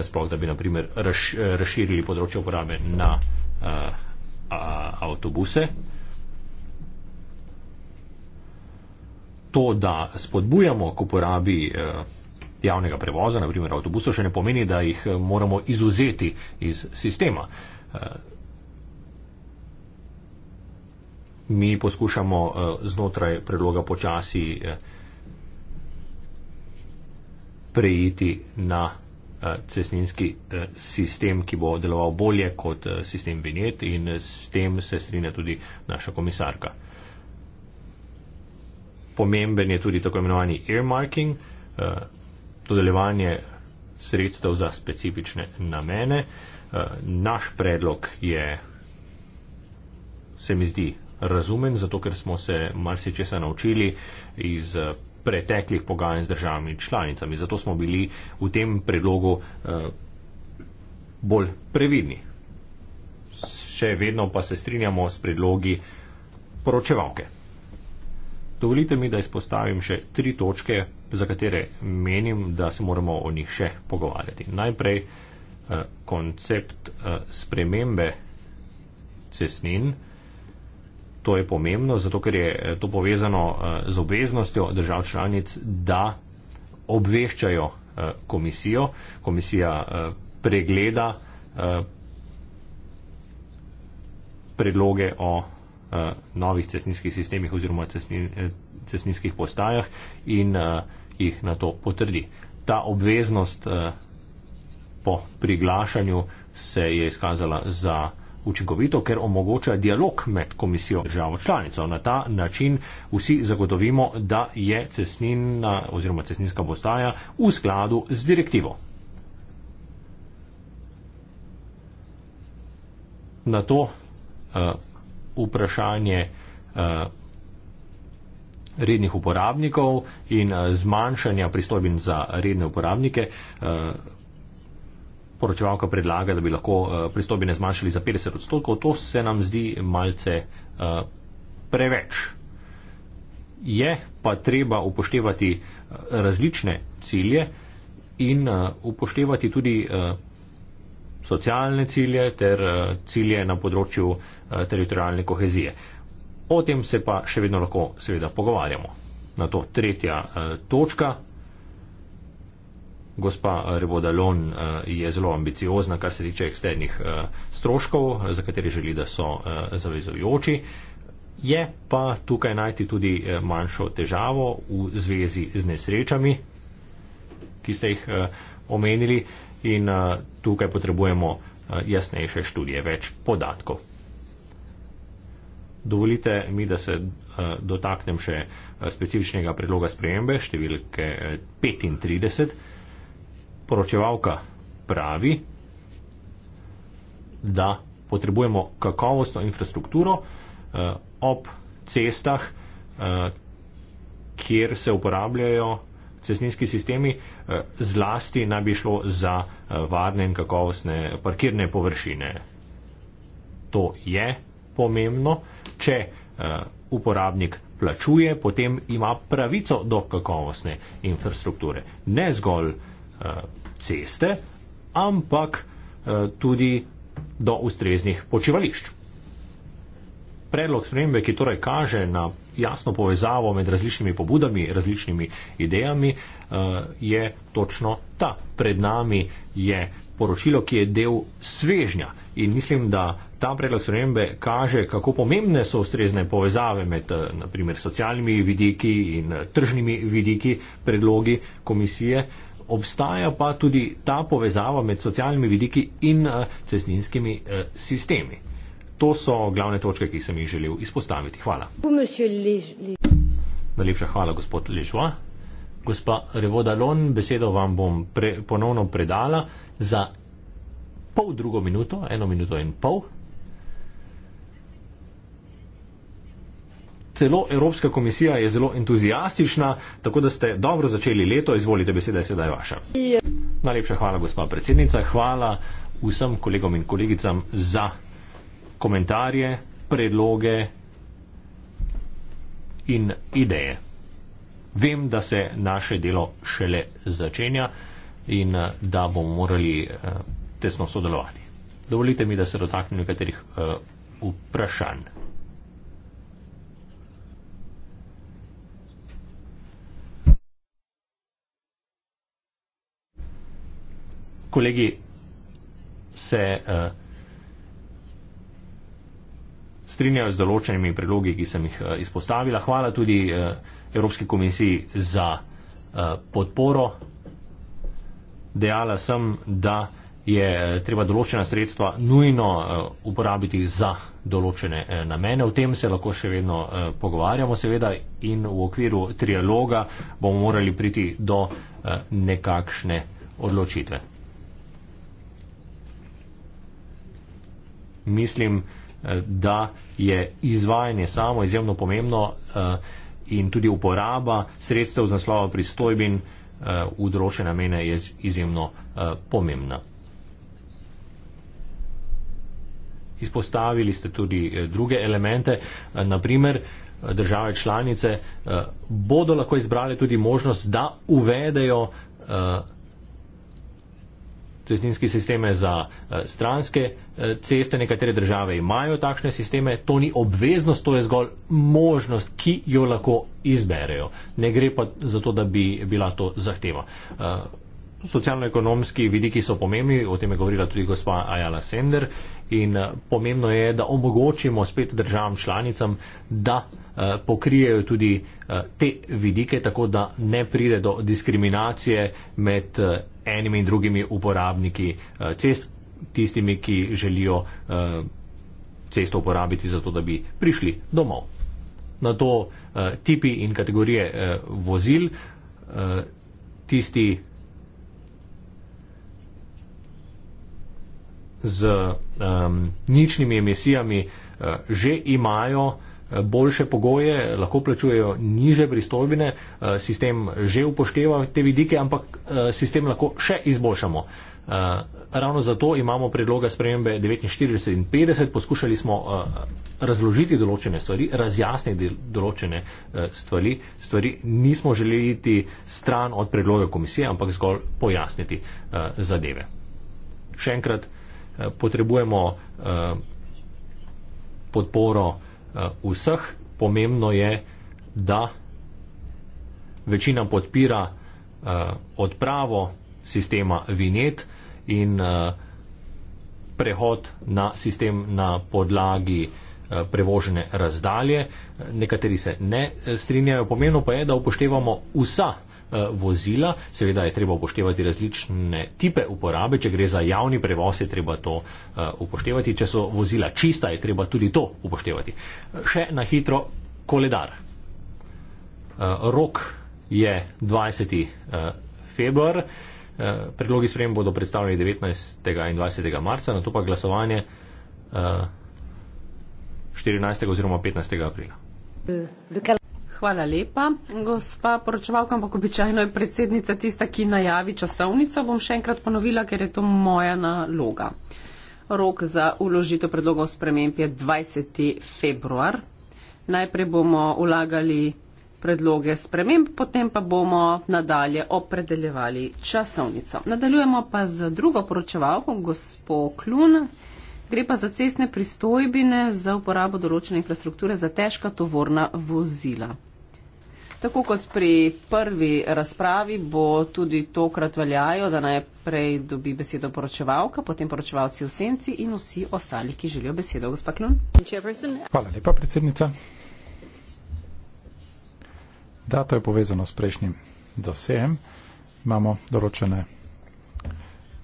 sploh da bi naprimer razširili področje uporabe na avtobuse. To, da spodbujamo k uporabi javnega prevoza, naprimer avtobusov, še ne pomeni, da jih moramo izuzeti iz sistema. mi poskušamo eh, znotraj predloga počasi eh, prejiti na eh, cestninski sistem, ki bo deloval bolje kot sistem vinjet in s tem se strinja tudi naša komisarka. Pomemben je tudi tako imenovani earmarking, dodeljevanje sredstev za specifične namene. Naš predlog je, se mi zdi, razumen, zato ker smo se marsičesa naučili iz eh, preteklih pogajanj z državami članicami. Zato smo bili v tem predlogu uh, bolj previdni. Še vedno pa se strinjamo s predlogi poročevalke. Dovolite mi, da izpostavim še tri točke, za katere menim, da se moramo o njih še pogovarjati. Najprej uh, koncept uh, spremembe cesnin to je pomembno, zato ker je eh, to povezano eh, z obveznostjo držav članic, da obveščajo eh, komisijo. Komisija pregleda predloge o novih cestninskih sistemih oziroma cestninskih postajah in jih na to potrdi. Ta obveznost po priglašanju se je izkazala za učinkovito, ker omogoča dialog med komisijo državo članico. Na ta način vsi zagotovimo, da je cesnina oziroma cesninska postaja v skladu z direktivo. Na to uh, vprašanje uh, rednih uporabnikov in uh, zmanjšanja pristojbin za redne uporabnike uh, poročevalka predlaga, da bi lahko uh, pristojbine zmanjšali za 50 odstotkov, to se nam zdi malce uh, preveč. Je pa treba upoštevati eh, različne cilje in uh, upoštevati tudi uh, socialne cilje ter uh, cilje na področju uh, teritorijalne kohezije. O tem se pa še vedno lahko seveda pogovarjamo. Na to tretja uh, točka gospa Revodalon eh, je zelo ambiciozna, kar se tiče eksternih eh, stroškov, za kateri želi, da so eh, zavezujoči. Je pa tukaj najti tudi manjšo težavo v zvezi z nesrečami, ki ste jih omenili in tukaj potrebujemo jasnejše študije, več podatkov. Dovolite mi, da se dotaknem še specifičnega predloga spremembe številke 35 poročevalka pravi, da potrebujemo kakovostno infrastrukturo eh, ob cestah, eh, kjer se uporabljajo cestninski sistemi, eh, zlasti naj bi šlo za eh, varne in kakovostne parkirne površine. To je pomembno. Če eh, uporabnik plačuje, potem ima pravico do kakovostne infrastrukture. Ne zgolj eh, Eh, ceste, ampak eh, tudi do ustreznih počivališč. Predlog spremembe, ki torej kaže na jasno povezavo med različnimi pobudami, različnimi idejami, eh, je točno ta. Pred nami je poročilo, ki je del svežnja in mislim, da ta predlog spremembe kaže, kako pomembne so ustrezne povezave med naprimer socialnimi vidiki in tržnimi vidiki predlogi komisije obstaja pa tudi ta povezava med socialnimi vidiki in eh, cestninskimi eh, sistemi. To so glavne točke, ki sem jih želel izpostaviti. Hvala. Najlepša hvala, gospod Ležva. Gospa Revodalon, besedo vam bom pre, ponovno predala za pol drugo minuto, eno minuto in pol. celo Evropska komisija je zelo entuzijastična, tako da ste dobro začeli leto, izvolite besede, sedaj je vaša. Najlepša hvala, gospa predsednica, hvala vsem kolegom in kolegicam za komentarje, predloge in ideje. Vem, da se naše delo šele začenja in eh, da bomo morali eh, tesno sodelovati. Dovolite mi, da se dotaknem nekaterih uh, vprašanj. kolegi se uh, strinjajo z določenimi predlogi, ki sem jih uh, izpostavila. Hvala tudi uh, Evropski komisiji za uh, podporo. Dejala sem, da je treba določena sredstva nujno uh, uporabiti za določene uh, namene. O tem se lahko še vedno uh, pogovarjamo, seveda, in v okviru trialoga bomo morali priti do uh, nekakšne odločitve. mislim, eh, da je izvajanje samo izjemno pomembno eh, in tudi uporaba sredstev z naslova pristojbin eh, v droše namene je izjemno pomembna. Izpostavili ste tudi druge elemente, naprimer države članice bodo lahko izbrali tudi možnost, da uvedejo cestninski sisteme za eh, stranske eh, ceste. Nekatere države imajo takšne sisteme. To ni obveznost, to je zgolj možnost, ki jo lahko izberejo. Ne gre pa za to, da bi bila to zahteva. Eh, socialno-ekonomski vidiki so pomembni, o tem je govorila tudi gospa Ajala Sender in eh, pomembno je, da omogočimo spet državam članicam, da eh, pokrijejo tudi eh, te vidike, tako da ne pride do diskriminacije med enimi in drugimi uporabniki cest, tistimi, ki želijo cesto uporabiti za to, da bi prišli domov. Na to tipi in kategorije vozil tisti z um, ničnimi emisijami uh, že imajo eh, boljše pogoje, lahko plačujejo niže pristojbine, eh, sistem že upošteva te vidike, ampak sistem lahko še izboljšamo. Ravno zato imamo predloga spremembe 49 in 50, poskušali smo razložiti določene stvari, razjasniti določene stvari, stvari nismo želeli iti stran od predloga komisije, ampak zgolj pojasniti zadeve. Še enkrat potrebujemo eh, podporo eh, vseh. Pomembno je, da večina podpira eh, odpravo sistema vinet in prehod na sistem na podlagi prevožene razdalje. Nekateri se ne strinjajo. Pomembno pa je, da upoštevamo vsa Eh, vozila. Seveda je treba upoštevati različne tipe uporabe. Če gre za javni prevoz, je treba to eh, upoštevati. Če so vozila čista, je treba tudi to upoštevati. Še na hitro koledar. Eh, rok je 20. februar. Predlogi sprejem bodo predstavljeni 19. in 20. marca, na to pa glasovanje 14. oziroma 15. aprila. Hvala lepa. Gospa poročevalka, ampak običajno je predsednica tista, ki najavi časovnico. Bom še enkrat ponovila, ker je to moja naloga. Rok za uložitev predlogov sprememb je 20. februar. Najprej bomo ulagali predloge sprememb, potem pa bomo nadalje opredeljevali časovnico. Nadaljujemo pa z drugo poročevalko, gospo Klun. Gre pa za cestne pristojbine za uporabo določene infrastrukture za težka tovorna vozila. Tako kot pri prvi razpravi bo tudi tokrat veljajo, da najprej dobi besedo poročevalka, potem poročevalci v senci in vsi ostali, ki želijo besedo. Gospa Klun. Hvala lepa, predsednica. Da, to je povezano s prejšnjim dosejem. Imamo določene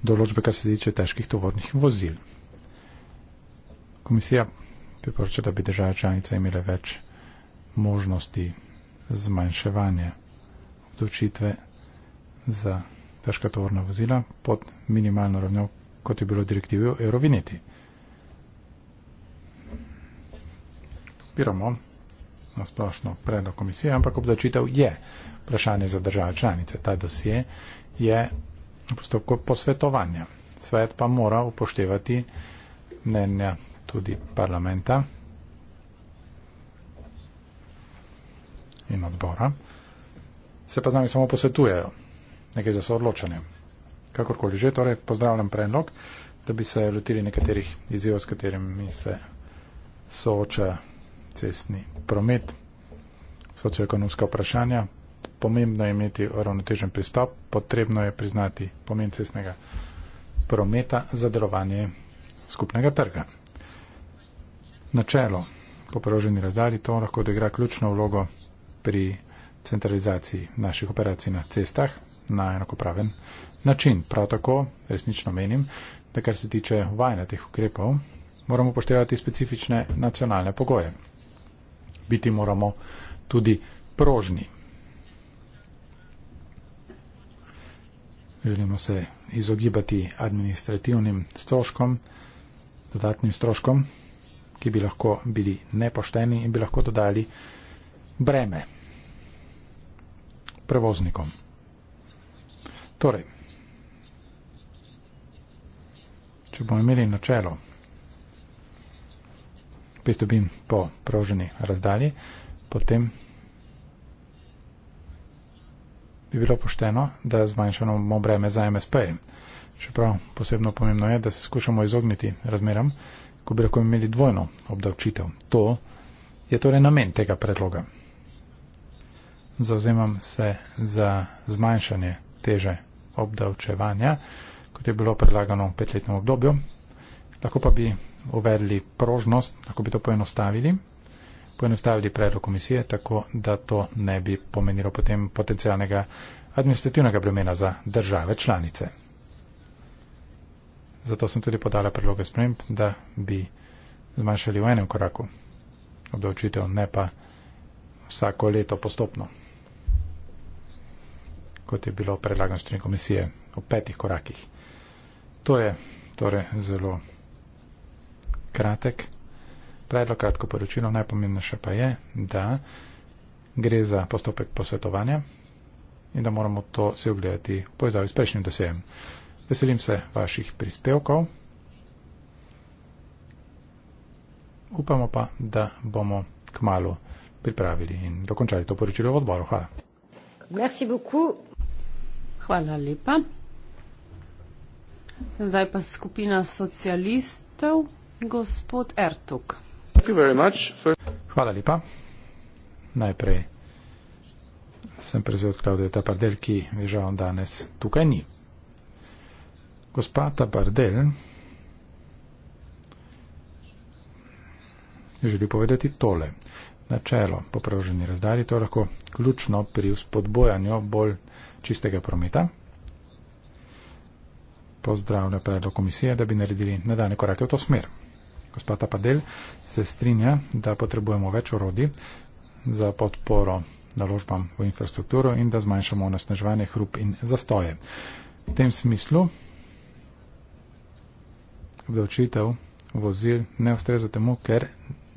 določbe, kar se tiče težkih tovornih vozil. Komisija priporoča, da bi država članica imela več možnosti zmanjševanje obdočitve za težka tovorna vozila pod minimalno ravnjo, kot je bilo direktivo Euroviniti. Piramo na splošno predlog komisije, ampak obdočitev je vprašanje za države članice. Ta dosje je v postopku posvetovanja. Svet pa mora upoštevati mnenja tudi parlamenta. in odbora, se pa z nami samo posvetujejo, nekaj za soodločanje. Kakorkoli že, torej pozdravljam predlog, da bi se lotili nekaterih izzivov, s katerimi se sooča cestni promet, socioekonomska vprašanja. Pomembno je imeti ravnotežen pristop, potrebno je priznati pomen cestnega prometa za delovanje skupnega trga. Načelo po proženi razdalji to lahko odigra ključno vlogo pri centralizaciji naših operacij na cestah na enakopraven način. Prav tako resnično menim, da kar se tiče uvajanja teh ukrepov, moramo upoštevati specifične nacionalne pogoje. Biti moramo tudi prožni. Želimo se izogibati administrativnim stroškom, dodatnim stroškom, ki bi lahko bili nepošteni in bi lahko dodali breme prevoznikom. Torej, če bomo imeli načelo 500 bin po proženi razdalji, potem bi bilo pošteno, da zmanjšamo breme za MSP. Čeprav posebno pomembno je, da se skušamo izogniti razmeram, ko bi lahko imeli dvojno obdavčitev. To je torej namen tega predloga zauzemam se za zmanjšanje teže obdavčevanja, kot je bilo predlagano v petletnem obdobju. Lahko pa bi uvedli prožnost, lahko bi to poenostavili, poenostavili predlog komisije, tako da to ne bi pomenilo potem potencijalnega administrativnega bremena za države članice. Zato sem tudi podala predloge sprememb, da bi zmanjšali v enem koraku obdavčitev, ne pa vsako leto postopno kot je bilo predlagano strani komisije, v petih korakih. To je torej zelo kratek predlog, kratko poročilo. Najpomembnejše pa je, da gre za postopek posvetovanja in da moramo to se ogledati v povezavi s prejšnjim dosejem. Veselim se vaših prispevkov. Upamo pa, da bomo k malu pripravili in dokončali to poročilo v odboru. Hvala. Merci beaucoup. Hvala lepa. Zdaj pa skupina socialistov, gospod Ertug. Hvala lepa. Najprej sem prezel od Klaudija Tapardel, ki je žal danes tukaj ni. Gospa Tapardel želi povedati tole. Načelo po proženi razdalji to je lahko ključno pri spodbojanju bolj čistega prometa. Pozdravlja predlog komisije, da bi naredili nadaljne korake v to smer. Gospa Tapadel se strinja, da potrebujemo več orodi za podporo naložbam v infrastrukturo in da zmanjšamo onesnaževanje hrup in zastoje. V tem smislu obdavčitev vozil ne ustreza temu, ker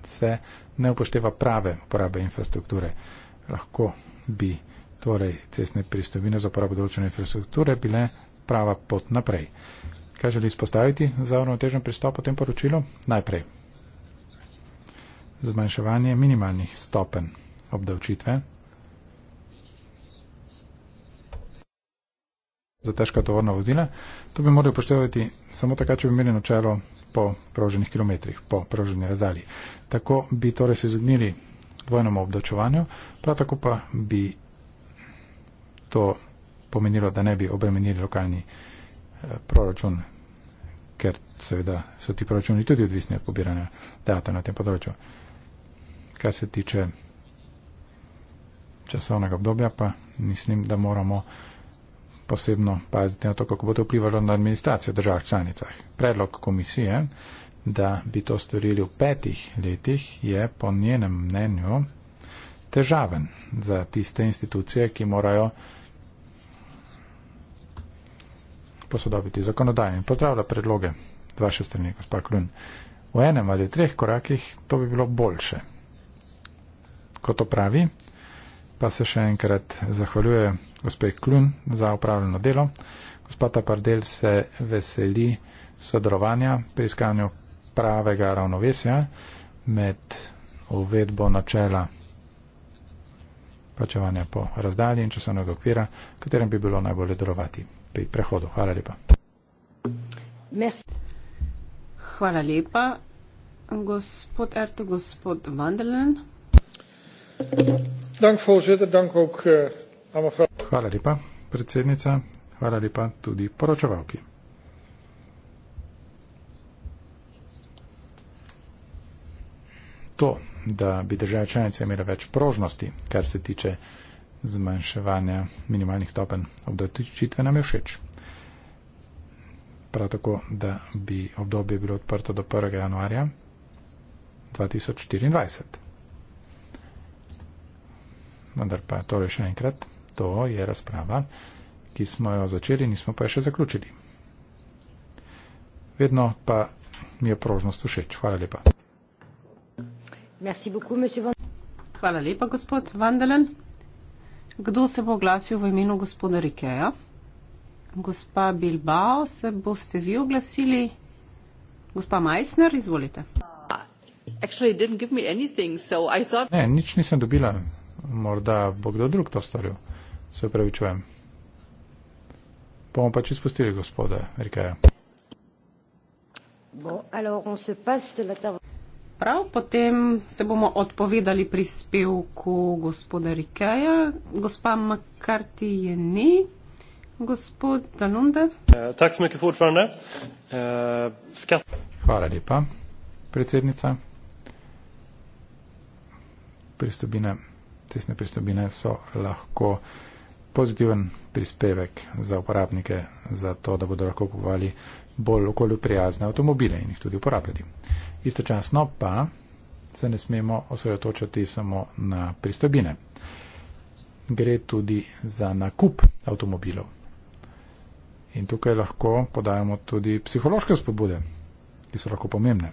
se ne upošteva prave uporabe infrastrukture. Lahko bi torej cestne pristojbine za uporabo določene infrastrukture, bile prava pot naprej. Kaj želi izpostaviti za uravnotežen pristop v tem poročilu? Najprej zmanjševanje minimalnih stopen obdavčitve za težka tovorna vozila. To bi morali upoštevati samo takrat, če bi imeli načelo po proženih kilometrih, po proženi razdalji. Tako bi torej se izognili dvojnemu obdavčevanju, prav tako pa bi to pomenilo, da ne bi obremenili lokalni eh, proračun, ker seveda so ti proračuni tudi odvisni od pobiranja dejata na tem področju. Kar se tiče časovnega obdobja, pa mislim, da moramo posebno paziti na to, kako bo to vplivalo na administracijo v državah članicah. Predlog komisije, da bi to storili v petih letih, je po njenem mnenju težaven za tiste institucije, ki morajo posodobiti zakonodajo in pozdravlja predloge z vaše strani, gospod Klun. V enem ali treh korakih to bi bilo boljše. Kot to pravi, pa se še enkrat zahvaljuje gospod Klun za upravljeno delo. Gospod Tapardel se veseli sodelovanja pri iskanju pravega ravnovesja med uvedbo načela plačevanja po razdalji in časovnega okvira, katerem bi bilo najbolje delovati pri prehodu. Hvala lepa. Mes. Hvala lepa. Gospod Erto, gospod Vandelen. Dank, voorzitter, dank ook, uh, hvala lepa, predsednica. Hvala lepa tudi poročevalki. To, da bi države članice imele več prožnosti, kar se tiče zmanjševanja minimalnih stopenj obdavčitve nam je všeč. Prav tako, da bi obdobje bilo odprto do 1. januarja 2024. Vendar pa torej še enkrat, to je razprava, ki smo jo začeli, nismo pa jo še zaključili. Vedno pa mi je prožnost všeč. Hvala lepa. Merci beaucoup, monsieur... Hvala lepa, gospod Vandelen. Kdo se bo oglasil v imenu gospoda Rikeja? Gospa Bilbao, se boste vi oglasili? Gospa Meissner, izvolite. Anything, so thought... Ne, nič nisem dobila. Morda bo kdo drug to storil. Se upravičujem. Bomo pač izpustili gospoda Rikeja. Bon, alors, Prav, potem se bomo odpovedali prispevku gospoda Rikeja. Gospa Makarti je ni. Gospod Danunde. Eh, tak smo, ki fortfarne. Eh, Hvala lepa, predsednica. Pristobine, tesne pristobine so lahko pozitiven prispevek za uporabnike, za to, da bodo lahko kupovali bolj okolju prijazne avtomobile in jih tudi uporabljati. Istočasno pa se ne smemo osredotočati samo na pristojbine. Gre tudi za nakup avtomobilov. In tukaj lahko podajamo tudi psihološke spodbude, ki so lahko pomembne.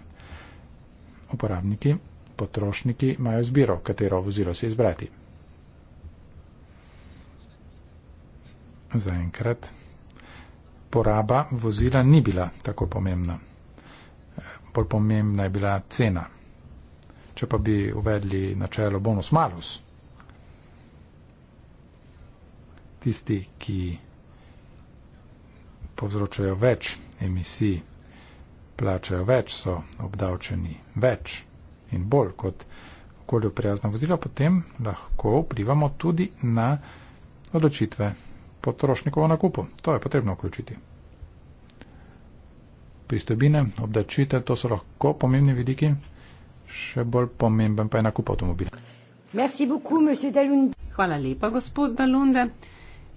Uporabniki, potrošniki imajo izbiro, katero vozilo se izbrati. Zaenkrat poraba vozila ni bila tako pomembna. Bolj pomembna je bila cena. Če pa bi uvedli načelo bonus malus, tisti, ki povzročajo več emisij, plačajo več, so obdavčeni več in bolj kot okoljoprijazna vozila, potem lahko vplivamo tudi na odločitve potrošnikov o nakupu. To je potrebno vključiti. Pristojbine, obdačite, to so lahko pomembni vidiki, še bolj pomemben pa je nakup avtomobila. Hvala lepa, gospod Dalunde.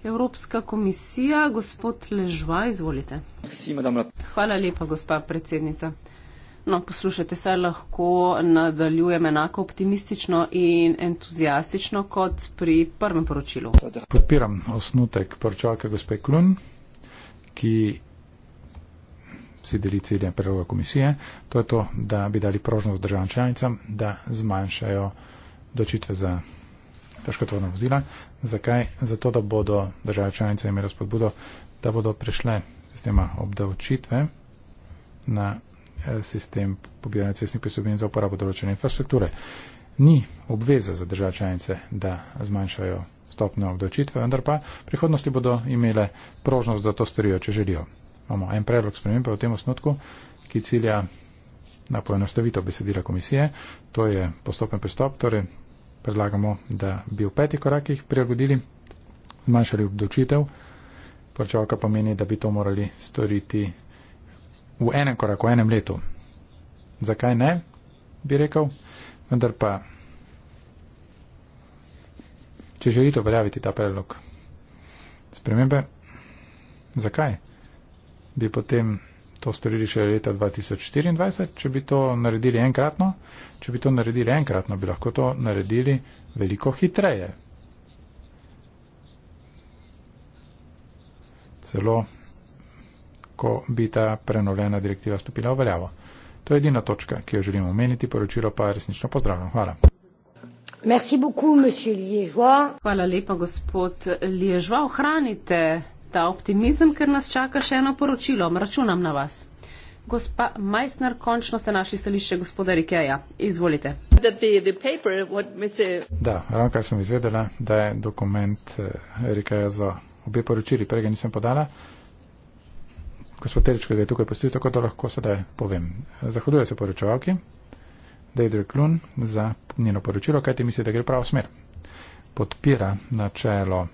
Evropska komisija, gospod Ležva, izvolite. Hvala lepa, gospa predsednica. No, poslušajte, se lahko nadaljujem enako optimistično in entuzijastično kot pri prvem poročilu. Podpiram osnutek poročalke gospe Klun, ki si deli cilje predloga komisije. To je to, da bi dali prožnost državam članicam, da zmanjšajo dočitve za težkotvorna vozila. Zakaj? Zato, da bodo države članice imele spodbudo, da bodo prešle sistema obdavčitve na Eh, sistem pobiranja cestnih pristojbin za uporabo določene infrastrukture. Ni obveza za države članice, da zmanjšajo stopnjo obdočitve, vendar pa prihodnosti bodo imele prožnost, da to storijo, če želijo. Imamo en predlog spremembe v tem osnutku, ki cilja na poenostavitev besedila komisije. To je postopen pristop, torej predlagamo, da bi v petih korakih prilagodili, zmanjšali obdočitev, plačevalka pomeni, da bi to morali storiti v enem koraku, v enem letu. Zakaj ne, bi rekel, vendar pa, če želite uveljaviti ta predlog spremembe, zakaj bi potem to storili še leta 2024, če bi to naredili enkratno, če bi to naredili enkratno, bi lahko to naredili veliko hitreje. Celo ko bi ta prenovljena direktiva stopila v veljavo. To je edina točka, ki jo želim omeniti, poročilo pa resnično pozdravljam. Hvala. Hvala lepa, gospod Ležva. Ohranite ta optimizem, ker nas čaka še eno poročilo. Računam na vas. Gospa Majsner, končno ste našli stališče gospoda Rikeja. Izvolite. Da, ravno kar sem izvedela, da je dokument eh, Rikeja za obe poročili, prej ga nisem podala gospod Teličko je tukaj postil, tako da lahko sedaj povem. Zahvaljujem se poročevalki, Deidre Klun, za njeno poročilo, kaj ti misli, da gre prav v smer. Podpira načelo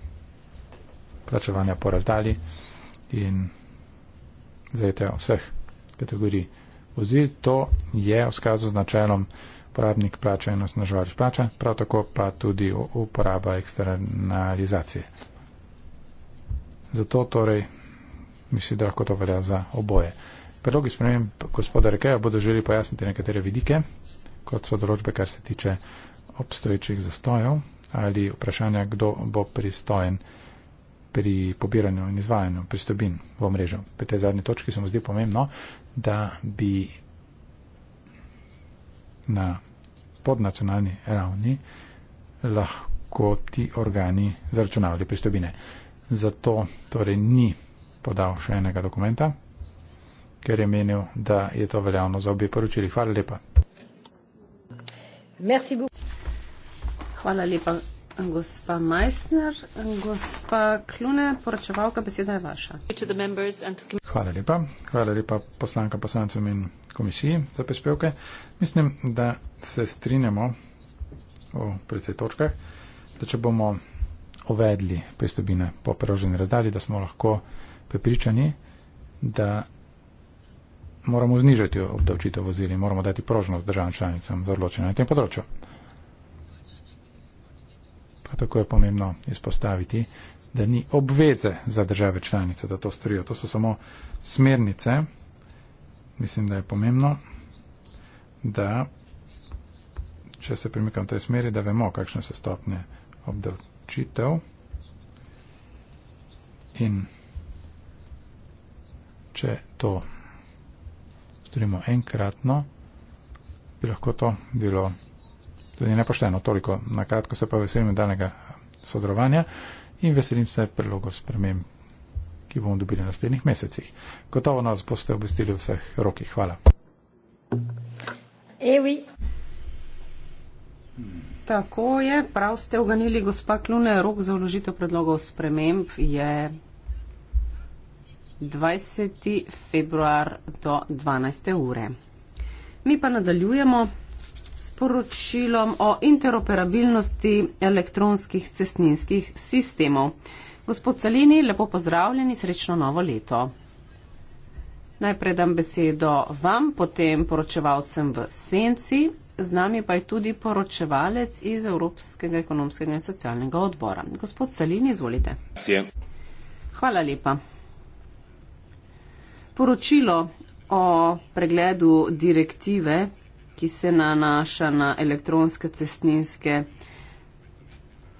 plačevanja po razdalji in zajete vseh kategorij vozil. To je v skazu z načelom uporabnik plača in osnaževalč plača, prav tako pa tudi uporaba eksternalizacije. Zato torej mislim, da lahko to velja za oboje. Predlogi sprememb gospoda Rekeja bodo želi pojasniti nekatere vidike, kot so določbe, kar se tiče obstoječih zastojev ali vprašanja, kdo bo pristojen pri pobiranju in izvajanju pristobin v omrežju. Pri tej zadnji točki se mu zdi pomembno, da bi na podnacionalni ravni lahko ti organi zaračunavali pristobine. Zato torej ni podal še enega dokumenta, ker je menil, da je to veljavno za obje poročili. Hvala lepa. Merci Hvala lepa, gospa Meissner. Gospa Klune, poročevalka, beseda je vaša. Hvala lepa. Hvala lepa poslanka poslancem in komisiji za prispevke. Mislim, da se strinjamo v predvsej točkah, da če bomo uvedli pristobine po preloženi razdalji, da smo lahko prepričani, da moramo znižati obdavčitev vozil in moramo dati prožnost državam članicam za odločenje na tem področju. Pa tako je pomembno izpostaviti, da ni obveze za države članice, da to storijo. To so samo smernice. Mislim, da je pomembno, da če se premikam v tej smeri, da vemo, kakšne so stopne obdavčitev in če to storimo enkratno, bi lahko to bilo tudi nepošteno. Toliko na kratko se pa veselim danega sodelovanja in veselim se predlogo sprememb, ki bomo dobili v naslednjih mesecih. Gotovo nas boste obvestili v vseh rokih. Hvala. Evi. Tako je, prav ste oganili gospa Klune, rok za vložitev predlogov sprememb je 20. februar do 12. ure. Mi pa nadaljujemo s poročilom o interoperabilnosti elektronskih cestninskih sistemov. Gospod Salini, lepo pozdravljeni, srečno novo leto. Najprej dam besedo vam, potem poročevalcem v senci, z nami pa je tudi poročevalec iz Evropskega ekonomskega in socialnega odbora. Gospod Salini, izvolite. Hvala lepa poročilo o pregledu direktive, ki se nanaša na elektronske cestninske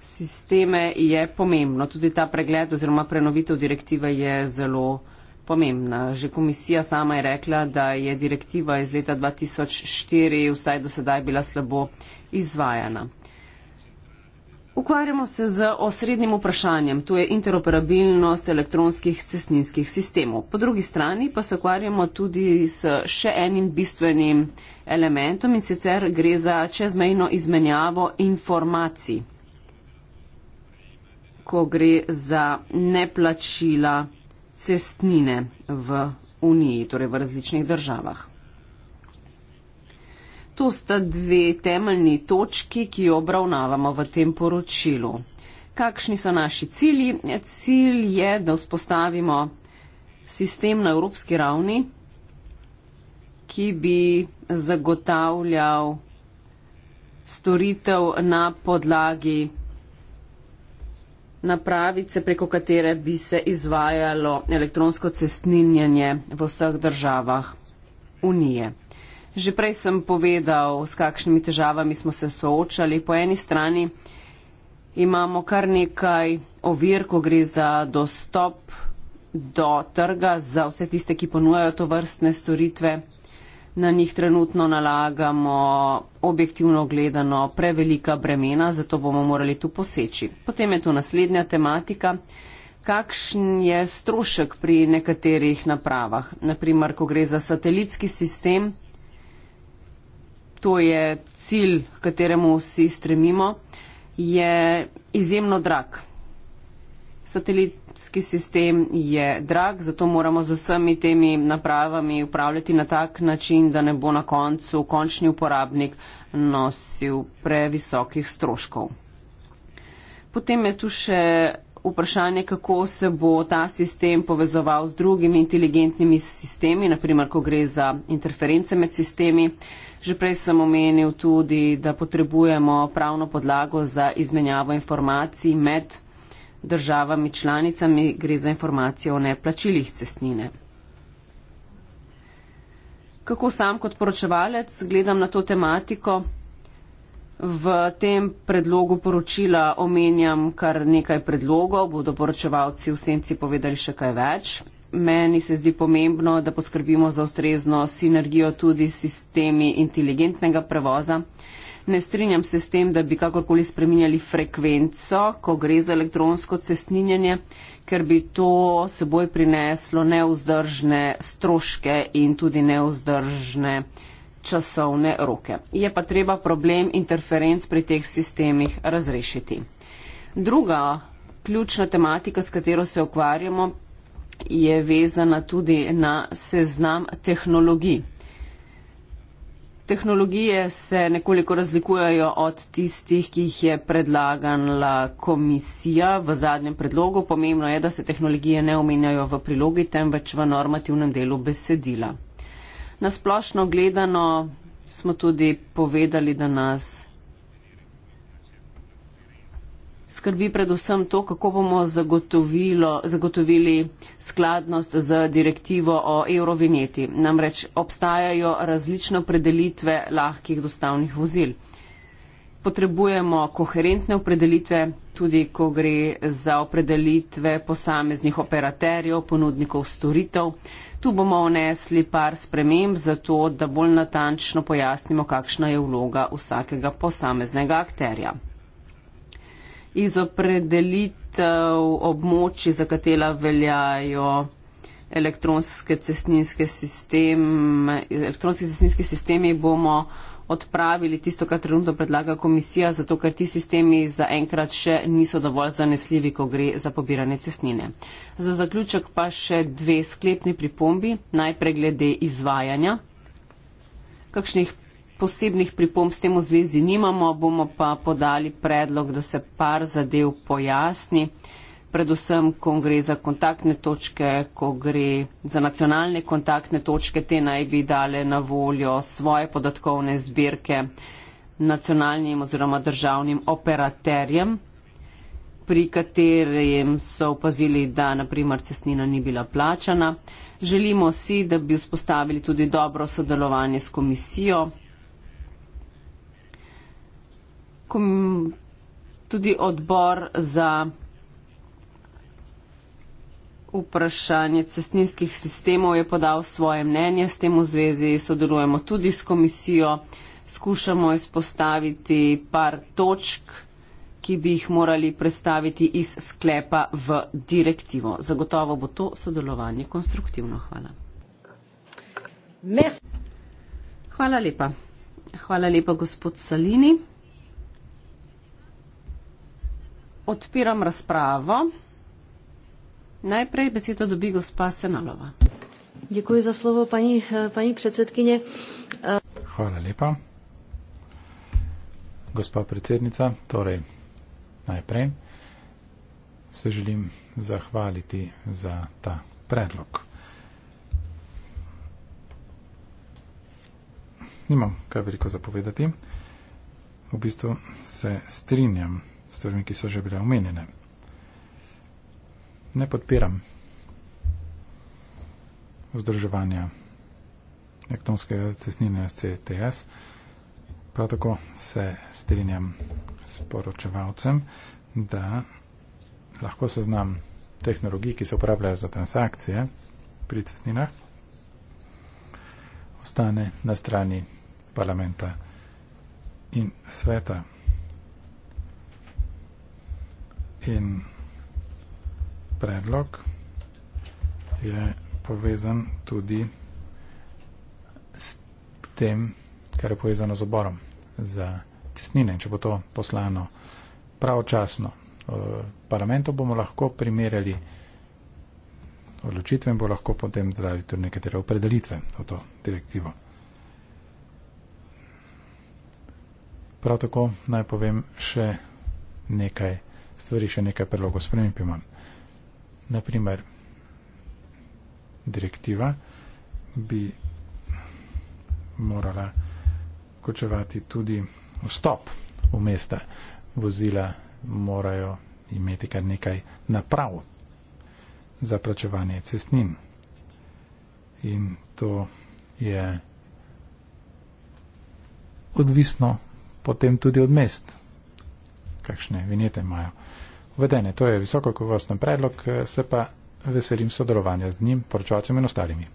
sisteme, je pomembno. Tudi ta pregled oziroma prenovitev direktive je zelo pomembna. Že komisija sama je rekla, da je direktiva iz leta 2004 vsaj do sedaj bila slabo izvajana. Ukvarjamo se z osrednjim vprašanjem, to je interoperabilnost elektronskih cestninskih sistemov. Po drugi strani pa se ukvarjamo tudi s še enim bistvenim elementom in sicer gre za čezmejno izmenjavo informacij, ko gre za neplačila cestnine v Uniji, torej v različnih državah. To sta dve temeljni točki, ki jo obravnavamo v tem poročilu. Kakšni so naši cilji? Cilj je, da vzpostavimo sistem na evropski ravni, ki bi zagotavljal storitev na podlagi napravice, preko katere bi se izvajalo elektronsko cestninjenje v vseh državah Unije. Že prej sem povedal, s kakšnimi težavami smo se soočali. Po eni strani imamo kar nekaj ovir, ko gre za dostop do trga za vse tiste, ki ponujajo to vrstne storitve. Na njih trenutno nalagamo objektivno gledano prevelika bremena, zato bomo morali tu poseči. Potem je tu naslednja tematika, kakšen je strošek pri nekaterih napravah. Naprimer, ko gre za satelitski sistem, to je cilj, kateremu vsi stremimo, je izjemno drag. Satelitski sistem je drag, zato moramo z vsemi temi napravami upravljati na tak način, da ne bo na koncu končni uporabnik nosil previsokih stroškov. Potem je tu še vprašanje, kako se bo ta sistem povezoval z drugimi inteligentnimi sistemi, naprimer, ko gre za interference med sistemi. Uh, Že prej sem omenil tudi, da potrebujemo pravno podlago za izmenjavo informacij med državami članicami, gre za informacije o neplačilih cestnine. Kako sam kot poročevalec gledam na to tematiko? V tem predlogu poročila omenjam kar nekaj predlogov, bodo poročevalci v senci povedali še kaj več. Meni se zdi pomembno, da poskrbimo za ustrezno sinergijo tudi s sistemi inteligentnega prevoza. Ne strinjam se s tem, da bi kakorkoli spreminjali frekvenco, ko gre za elektronsko cestninjenje, ker bi to seboj prineslo neuzdržne stroške in tudi neuzdržne časovne roke. Je pa treba problem interferenc pri teh sistemih razrešiti. Druga ključna tematika, s katero se ukvarjamo, je vezana tudi na seznam tehnologij. Tehnologije se nekoliko razlikujejo od tistih, ki jih je predlagala komisija v zadnjem predlogu. Pomembno je, da se tehnologije ne omenjajo v prilogi, temveč v normativnem delu besedila. Nasplošno gledano smo tudi povedali, da nas skrbi predvsem to, kako bomo zagotovili skladnost z direktivo o eurovineti. Namreč obstajajo različne predelitve lahkih dostavnih vozil. Potrebujemo koherentne opredelitve, tudi ko gre za opredelitve posameznih operaterjev, ponudnikov storitev. Tu bomo vnesli par sprememb, zato da bolj natančno pojasnimo, kakšna je vloga vsakega posameznega akterja iz opredelitev območij, za katera veljajo elektronske cestninske sisteme. Elektronski cestninski sistemi bomo odpravili tisto, kar trenutno predlaga komisija, zato ker ti sistemi zaenkrat še niso dovolj zanesljivi, ko gre za pobiranje cestnine. Za zaključek pa še dve sklepni pripombi, najprej glede izvajanja. Kakšnih posebnih pripomb s tem v zvezi nimamo, bomo pa podali predlog, da se par zadev pojasni, predvsem, ko gre za kontaktne točke, ko gre za nacionalne kontaktne točke, te naj bi dale na voljo svoje podatkovne zbirke nacionalnim oziroma državnim operaterjem pri katerem so opazili, da naprimer cestnina ni bila plačana. Želimo si, da bi vzpostavili tudi dobro sodelovanje s komisijo, tudi odbor za vprašanje cestninskih sistemov je podal svoje mnenje s tem v zvezi, sodelujemo tudi s komisijo, skušamo izpostaviti par točk, ki bi jih morali predstaviti iz sklepa v direktivo. Zagotovo bo to sodelovanje konstruktivno. Hvala. Hvala lepa. Hvala lepa, gospod Salini. Odpiram razpravo. Najprej besedo dobi gospa Senalova. Děkuji za slovo, paní, paní předsedkyně. Hvala lepa. Gospa predsednica, torej najprej se želim zahvaliti za ta predlog. Nimam kaj veliko zapovedati. V bistvu se strinjam stvarmi, ki so že bile omenjene. Ne podpiram vzdrževanja elektronskega cestnine CTS, prav tako se strinjam s poročevalcem, da lahko seznam tehnologij, ki se uporabljajo za transakcije pri cestninah, ostane na strani parlamenta in sveta. in predlog je povezan tudi s tem, kar je povezano z oborom za cestnine. Če bo to poslano pravočasno eh, parlamentu, bomo lahko primerjali odločitve in bo lahko potem dodali tudi nekatere opredelitve v to direktivo. Prav tako naj povem še nekaj stvari še nekaj predlogov sprememb imam. Naprimer, direktiva bi morala vključevati tudi vstop v mesta. Vozila morajo imeti kar nekaj naprav za plačevanje cestnin. In to je odvisno potem tudi od mesta kakšne vinjete imajo. Vedene, to je visoko kakovosten predlog, se pa veselim sodelovanja z njim, poročavcem in ostalimi.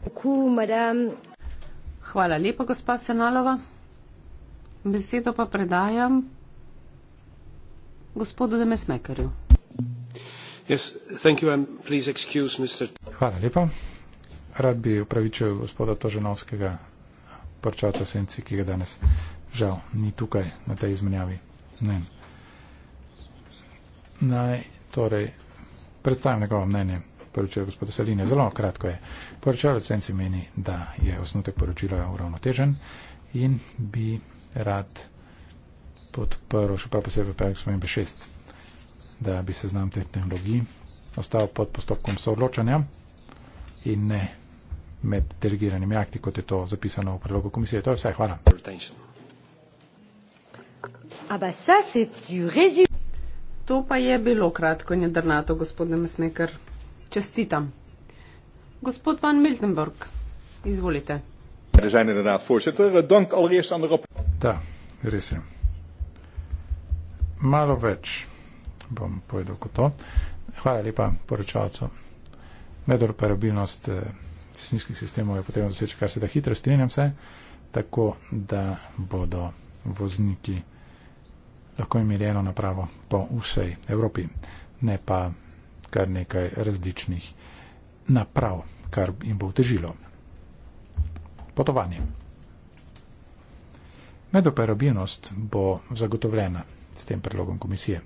Hvala lepa, gospa Senalova. Besedo pa predajam gospodu Demesmekerju. Yes, excuse, Mr... Hvala lepa. Rad bi upravičil gospoda Toženovskega, poročavca Senci, ki ga danes žal ni tukaj na tej izmenjavi. Ne. Naj torej predstavim njegovo mnenje. Poročilo gospoda Saline, zelo kratko je. Poročilo recenci meni, da je osnutek poročila uravnotežen in bi rad podprl, še prav posebej v pravih svojim B6, da bi se znam teh tehnologij ostal pod postopkom soodločanja in ne med delegiranimi akti, kot je to zapisano v predlogu komisije. To je vse. Hvala. Aba, ah, sa, To pa je bilo kratko in jedrnato, gospod Nemesmeker. Čestitam. Gospod van Miltenburg, izvolite. We zijn inderdaad, voorzitter. Eh, dank allereerst aan de rapporteur. Ja, er is hij. Malo več bom povedal kot to. Hvala lepa poročalcu. Medoroperabilnost eh, cestninskih sistemov je potrebno doseči kar se da hitro, strinjam se, tako da bodo vozniki lahko imeli eno napravo po vsej Evropi, ne pa kar nekaj različnih naprav, kar jim bo utežilo. Potovanje. Medoperabilnost bo zagotovljena s tem predlogom komisije,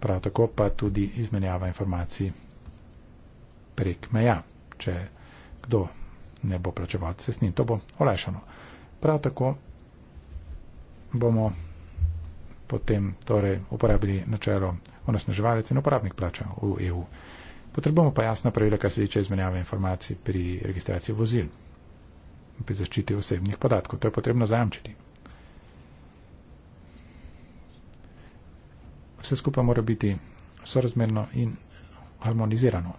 prav tako pa tudi izmenjava informacij prek meja, če kdo ne bo plačeval cestnin, to bo olajšano. Prav tako bomo potem torej uporabili načelo onosneževalec in uporabnik plača v EU. Potrebujemo pa jasna pravila, kar se tiče izmenjave informacij pri registraciji vozil, pri zaščiti osebnih podatkov. To je potrebno zajamčiti. Vse skupaj mora biti sorazmerno in harmonizirano.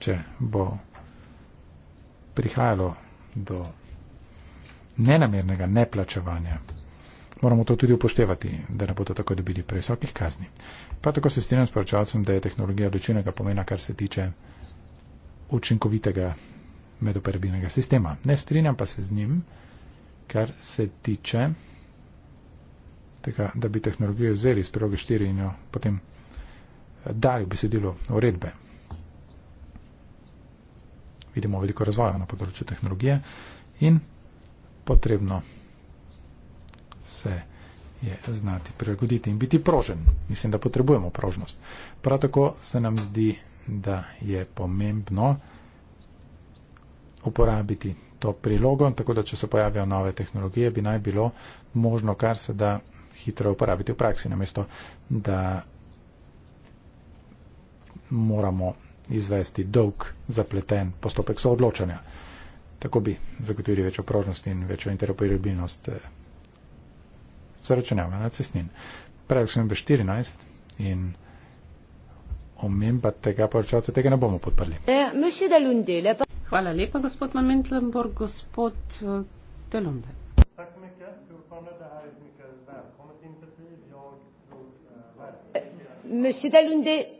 Če bo prihajalo do nenamernega neplačevanja, moramo to tudi upoštevati, da ne bodo tako dobili previsokih kazni. Prav tako se strinjam s poročalcem, da je tehnologija odličnega pomena, kar se tiče učinkovitega medoperabilnega sistema. Ne strinjam pa se z njim, kar se tiče tega, da bi tehnologijo vzeli iz proge 4 in jo potem dali besedilo uredbe vidimo veliko razvoja na področju tehnologije in potrebno se je znati prilagoditi in biti prožen. Mislim, da potrebujemo prožnost. Prav tako se nam zdi, da je pomembno uporabiti to prilogo, tako da če se pojavijo nove tehnologije, bi naj bilo možno kar se da hitro uporabiti v praksi, namesto da moramo izvesti dolg, zapleten postopek soodločanja. Tako bi zagotovili večjo prožnost in večjo interoperabilnost eh, zaračunavanja cestnin. Predlog sem bil 14 in omemba tega poročalca tega ne bomo podprli. Hvala lepa, gospod Mamentlenborg, gospod Telonde. Eh, eh, Monsieur Dalunde.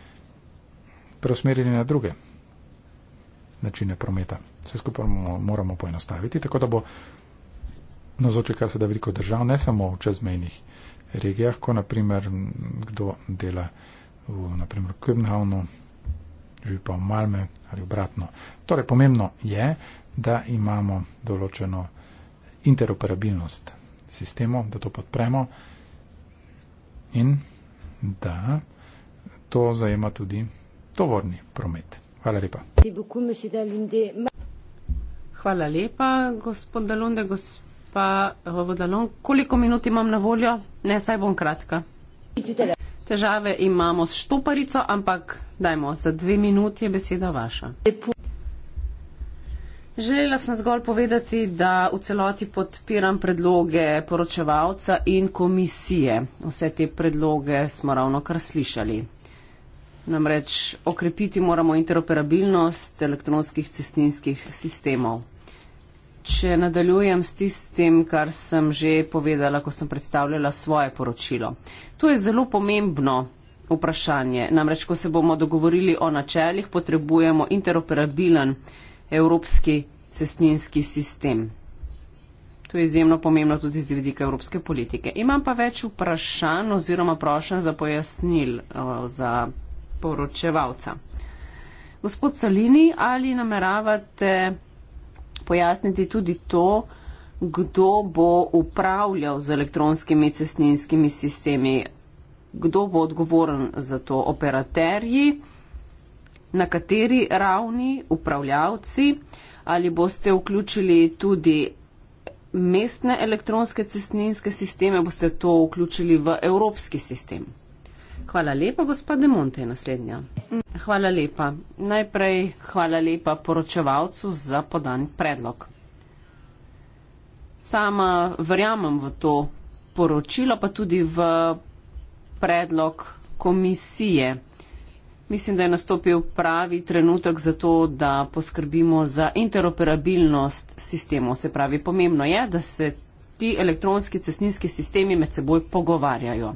preusmerili na druge načine prometa. Vse skupaj moramo poenostaviti, tako da bo nazoče kar se da veliko držav, ne samo v čezmejnih regijah, ko naprimer kdo dela v naprimer, Kübnhavnu, živi pa v Malme ali obratno. Torej, pomembno je, da imamo določeno interoperabilnost sistemov, da to podpremo in da to zajema tudi tovorni promet. Hvala lepa. Hvala lepa, gospod Dalonde. Gospa Vodalon, koliko minut imam na voljo? Ne, saj bom kratka. Težave imamo s štoparico, ampak dajmo, za dve minuti je beseda vaša. Želela sem zgolj povedati, da v celoti podpiram predloge poročevalca in komisije. Vse te predloge smo ravno kar slišali namreč okrepiti moramo interoperabilnost elektronskih cestninskih sistemov. Če nadaljujem s tistim, kar sem že povedala, ko sem predstavljala svoje poročilo. To je zelo pomembno vprašanje. Namreč, ko se bomo dogovorili o načeljih, potrebujemo interoperabilen evropski cestninski sistem. To je izjemno pomembno tudi z vidika evropske politike. Imam pa več vprašanj oziroma prošen za pojasnil za poročevalca. Gospod Salini, ali nameravate pojasniti tudi to, kdo bo upravljal z elektronskimi cestninskimi sistemi, kdo bo odgovoren za to, operaterji, na kateri ravni, upravljavci, ali boste vključili tudi mestne elektronske cestninske sisteme, boste to vključili v evropski sistem? Hvala lepa, gospod Demonte, naslednja. Hvala lepa. Najprej hvala lepa poročevalcu za podan predlog. Sama verjamem v to poročilo, pa tudi v predlog komisije. Mislim, da je nastopil pravi trenutek za to, da poskrbimo za interoperabilnost sistemov. Se pravi, pomembno je, da se ti elektronski cestninski sistemi med seboj pogovarjajo.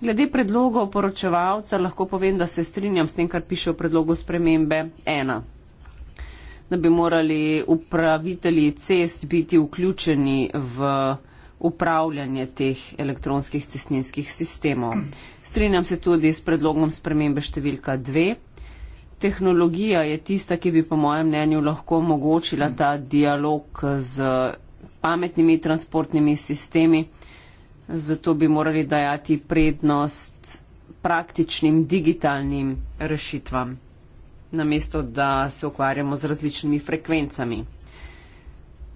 Glede predlogov poročevalca lahko povem, da se strinjam s tem, kar piše v predlogu spremembe ena da bi morali upravitelji cest biti vključeni v upravljanje teh elektronskih cestninskih sistemov. Strinjam se tudi s predlogom spremembe številka 2. Tehnologija je tista, ki bi po mojem mnenju lahko omogočila ta dialog z pametnimi transportnimi sistemi zato bi morali dajati prednost praktičnim digitalnim rešitvam, namesto da se ukvarjamo z različnimi frekvencami.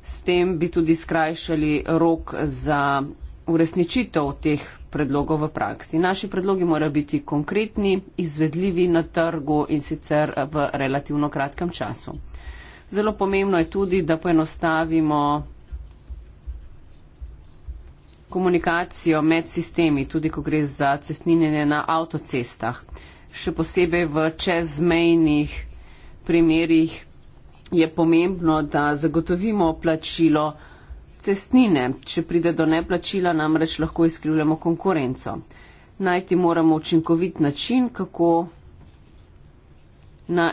S tem bi tudi skrajšali rok za uresničitev teh predlogov v praksi. Naši predlogi morajo biti konkretni, izvedljivi na trgu in sicer v relativno kratkem času. Zelo pomembno je tudi, da poenostavimo komunikacijo med sistemi, tudi ko gre za cestninjenje na avtocestah, še posebej v čezmejnih primerjih, je pomembno, da zagotovimo plačilo cestnine. Če pride do neplačila, namreč lahko izkrivljamo konkurenco. Najti moramo učinkovit način, kako na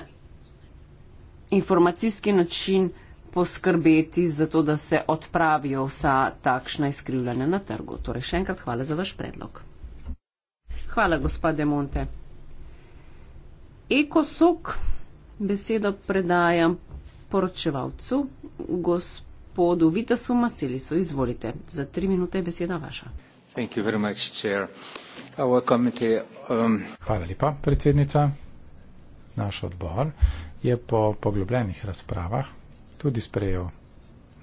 informacijski način poskrbeti za to, da se odpravijo vsa takšna izkrivljanja na trgu. Torej, še enkrat hvala za vaš predlog. Hvala, gospod De Monte. Ekosok, besedo predajam poročevalcu, gospodu Vitasu Maselisu. Izvolite, za tri minute je beseda vaša. Much, um... Hvala lepa, predsednica. Naš odbor je po poglobljenih razpravah tudi sprejel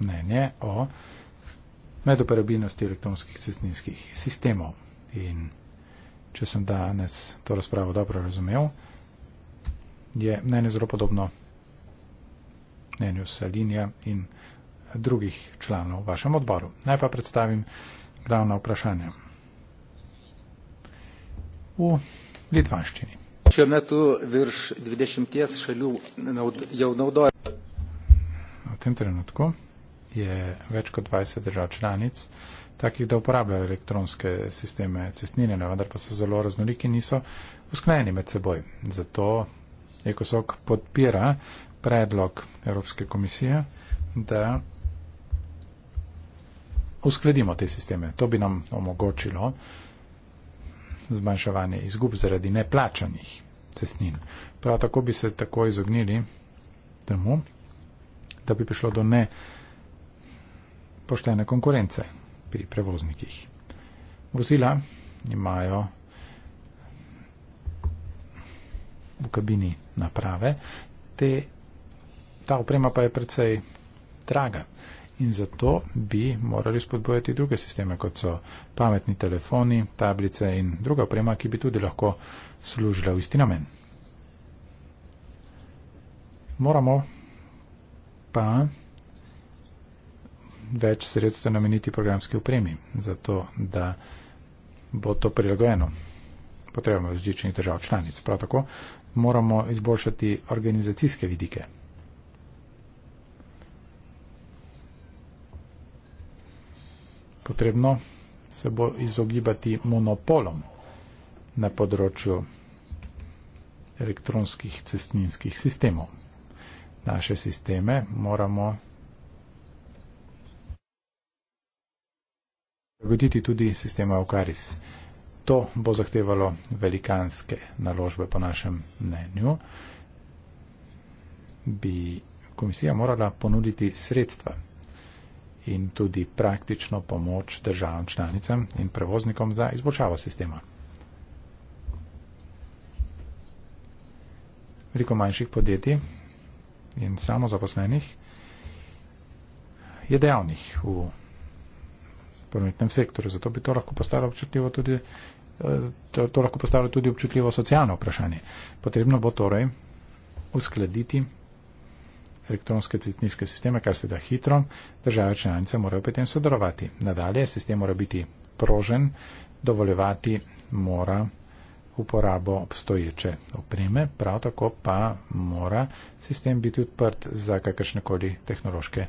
mnenje o medoperabilnosti elektronskih cestninskih sistemov. In če sem danes to razpravo dobro razumel, je mnenje zelo podobno mnenju Salinja in drugih članov v vašem odboru. Naj pa predstavim glavna vprašanja. V litvanščini. Šiuo metu virš 20 šalių jau naudoja tem trenutku je več kot 20 držav članic takih, da uporabljajo elektronske sisteme cestninjenja, vendar pa so zelo raznoliki in niso usklajeni med seboj. Zato Ekosok podpira predlog Evropske komisije, da uskladimo te sisteme. To bi nam omogočilo zmanjševanje izgub zaradi neplačanih cestnin. Prav tako bi se tako izognili temu, da bi prišlo do ne poštene konkurence pri prevoznikih. Vozila imajo v kabini naprave, te, ta oprema pa je precej draga in zato bi morali spodbojati druge sisteme, kot so pametni telefoni, tablice in druga oprema, ki bi tudi lahko služila v isti namen. Moramo pa več sredstev nameniti programski upremi, zato da bo to prilagojeno potrebam različnih držav članic. Prav tako moramo izboljšati organizacijske vidike. Potrebno se bo izogibati monopolom na področju elektronskih cestninskih sistemov naše sisteme, moramo prilagoditi tudi sistema Okaris. To bo zahtevalo velikanske naložbe, po našem mnenju. Bi komisija morala ponuditi sredstva in tudi praktično pomoč državam članicam in prevoznikom za izboljšavo sistema. Veliko manjših podjetij in samozaposlenih je dejavnih v prometnem sektorju. Zato bi to lahko postalo občutljivo tudi, eh, to, to lahko postalo tudi občutljivo socialno vprašanje. Potrebno bo torej uskladiti elektronske cestninske sisteme, kar se da hitro, države članice morajo pri tem sodelovati. Nadalje, sistem mora biti prožen, dovoljevati mora uporabo obstoječe opreme, prav tako pa mora sistem biti odprt za kakršnekoli tehnološke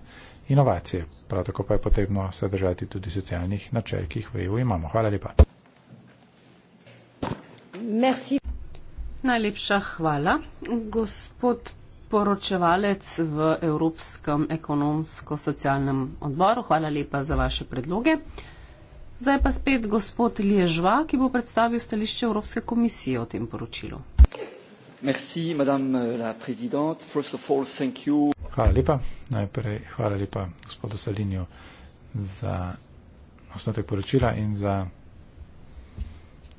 inovacije. Prav tako pa je potrebno se držati tudi socialnih načel, ki jih v EU imamo. Hvala lepa. Merci. Najlepša hvala. Gospod poročevalec v Evropskem ekonomsko-socialnem odboru, hvala lepa za vaše predloge. Zdaj pa spet gospod Ližva, ki bo predstavil stališče Evropske komisije o tem poročilu. Merci, all, hvala lepa. Najprej hvala lepa gospodu Salinju za osnotek poročila in za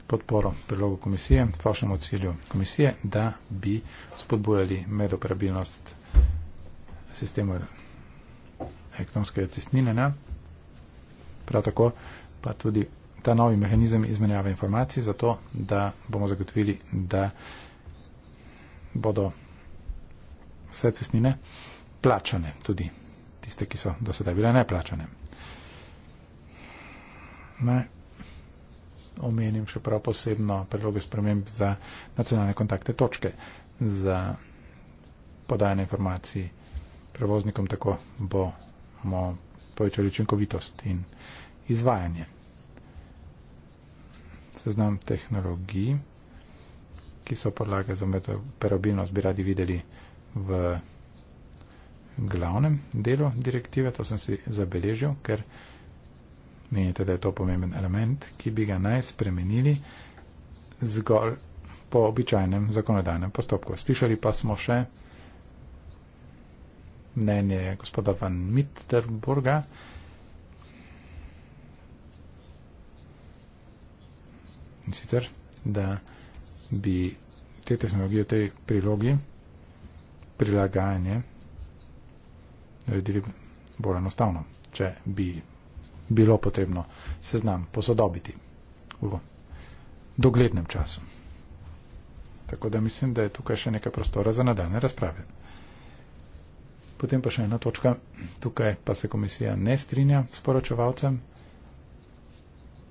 podporo prilogu komisije, splošnemu cilju komisije, da bi spodbujali medoperabilnost sistemov elektronske cestnine. Prav tako pa tudi ta novi mehanizem izmenjave informacij, zato da bomo zagotovili, da bodo vse cestnine plačane, tudi tiste, ki so do sedaj bile neplačane. Ne? Omenim še prav posebno predloge sprememb za nacionalne kontakte točke, za podajanje informacij prevoznikom, tako bomo povečali učinkovitost in izvajanje. Seznam tehnologij, ki so podlage za metoperabilnost, bi radi videli v glavnem delu direktive, to sem si zabeležil, ker menite, da je to pomemben element, ki bi ga naj spremenili zgolj po običajnem zakonodajnem postopku. Slišali pa smo še mnenje gospoda Van Mitterburga, in sicer, da bi te tehnologije v tej prilogi prilagajanje naredili bolj enostavno, če bi bilo potrebno seznam posodobiti v doglednem času. Tako da mislim, da je tukaj še nekaj prostora za nadaljne razprave. Potem pa še ena točka, tukaj pa se komisija ne strinja s poročevalcem.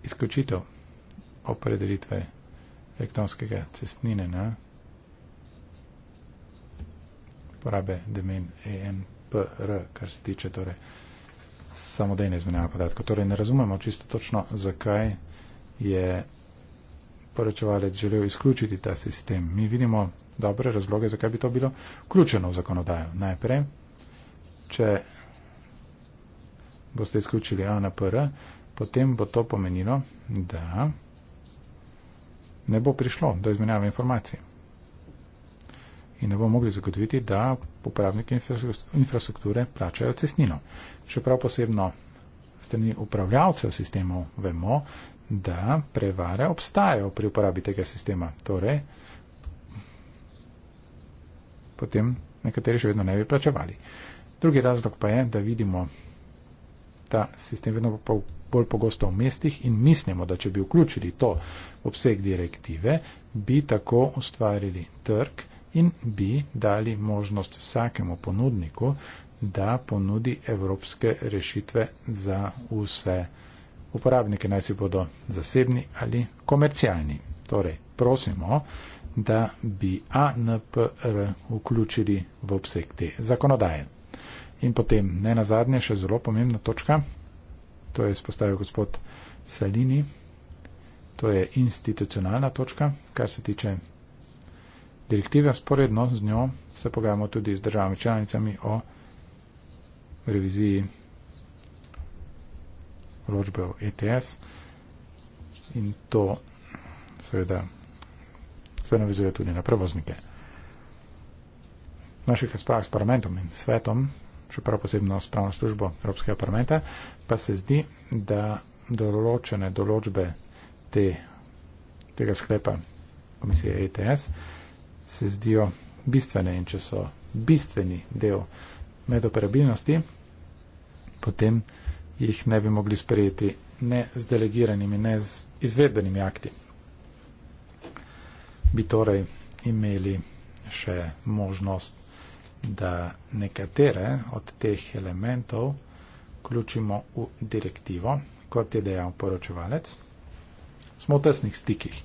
Izključitev opredelitve elektronskega cestnine na porabe domen ENPR, kar se tiče torej samodejne izmenjave podatkov. Torej ne razumemo čisto točno, zakaj je poročevalec želel izključiti ta sistem. Mi vidimo dobre razloge, zakaj bi to bilo vključeno v zakonodajo. Najprej, če boste izključili ANPR, potem bo to pomenilo, da ne bo prišlo do izmenjave informacij. In ne bomo mogli zagotoviti, da uporabniki infrastrukture plačajo cestnino. Čeprav posebno strani upravljavcev sistemov vemo, da prevare obstajajo pri uporabi tega sistema. Torej, potem nekateri še vedno ne bi plačevali. Drugi razlog pa je, da vidimo ta sistem vedno bolj pogosto v mestih in mislimo, da če bi vključili to obseg direktive, bi tako ustvarili trg in bi dali možnost vsakemu ponudniku, da ponudi evropske rešitve za vse uporabnike, naj si bodo zasebni ali komercialni. Torej, prosimo, da bi ANPR vključili v obseg te zakonodaje. In potem, ne nazadnje, še zelo pomembna točka, to je spostavil gospod Salini, to je institucionalna točka, kar se tiče direktive, sporedno z njo se pogajamo tudi z državami članicami o reviziji vložbe v ETS in to seveda se navizuje tudi na prevoznike. V naših razpravah s parlamentom in svetom, še prav posebno s pravno službo Evropskega parlamenta, pa se zdi, da določene določbe te, tega sklepa komisije ETS se zdijo bistvene in če so bistveni del medoperabilnosti, potem jih ne bi mogli sprejeti ne z delegiranimi, ne z izvedbenimi akti. Bi torej imeli še možnost, da nekatere od teh elementov vključimo v direktivo, kot je dejal poročevalec. Smo v tesnih stikih,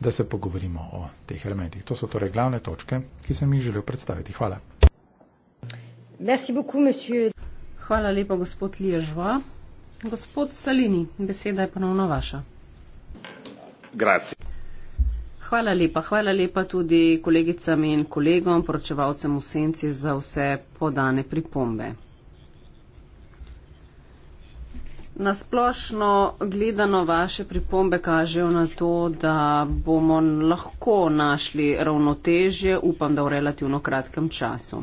da se pogovorimo o teh elementih. To so torej glavne točke, ki sem jih želel predstaviti. Hvala. Hvala lepa, gospod Liježva. Gospod Salini, beseda je ponovno vaša. Grazie. Hvala lepa. Hvala lepa tudi kolegicam in kolegom, poročevalcem v senci za vse podane pripombe. Nasplošno gledano vaše pripombe kažejo na to, da bomo lahko našli ravnotežje, upam, da v relativno kratkem času.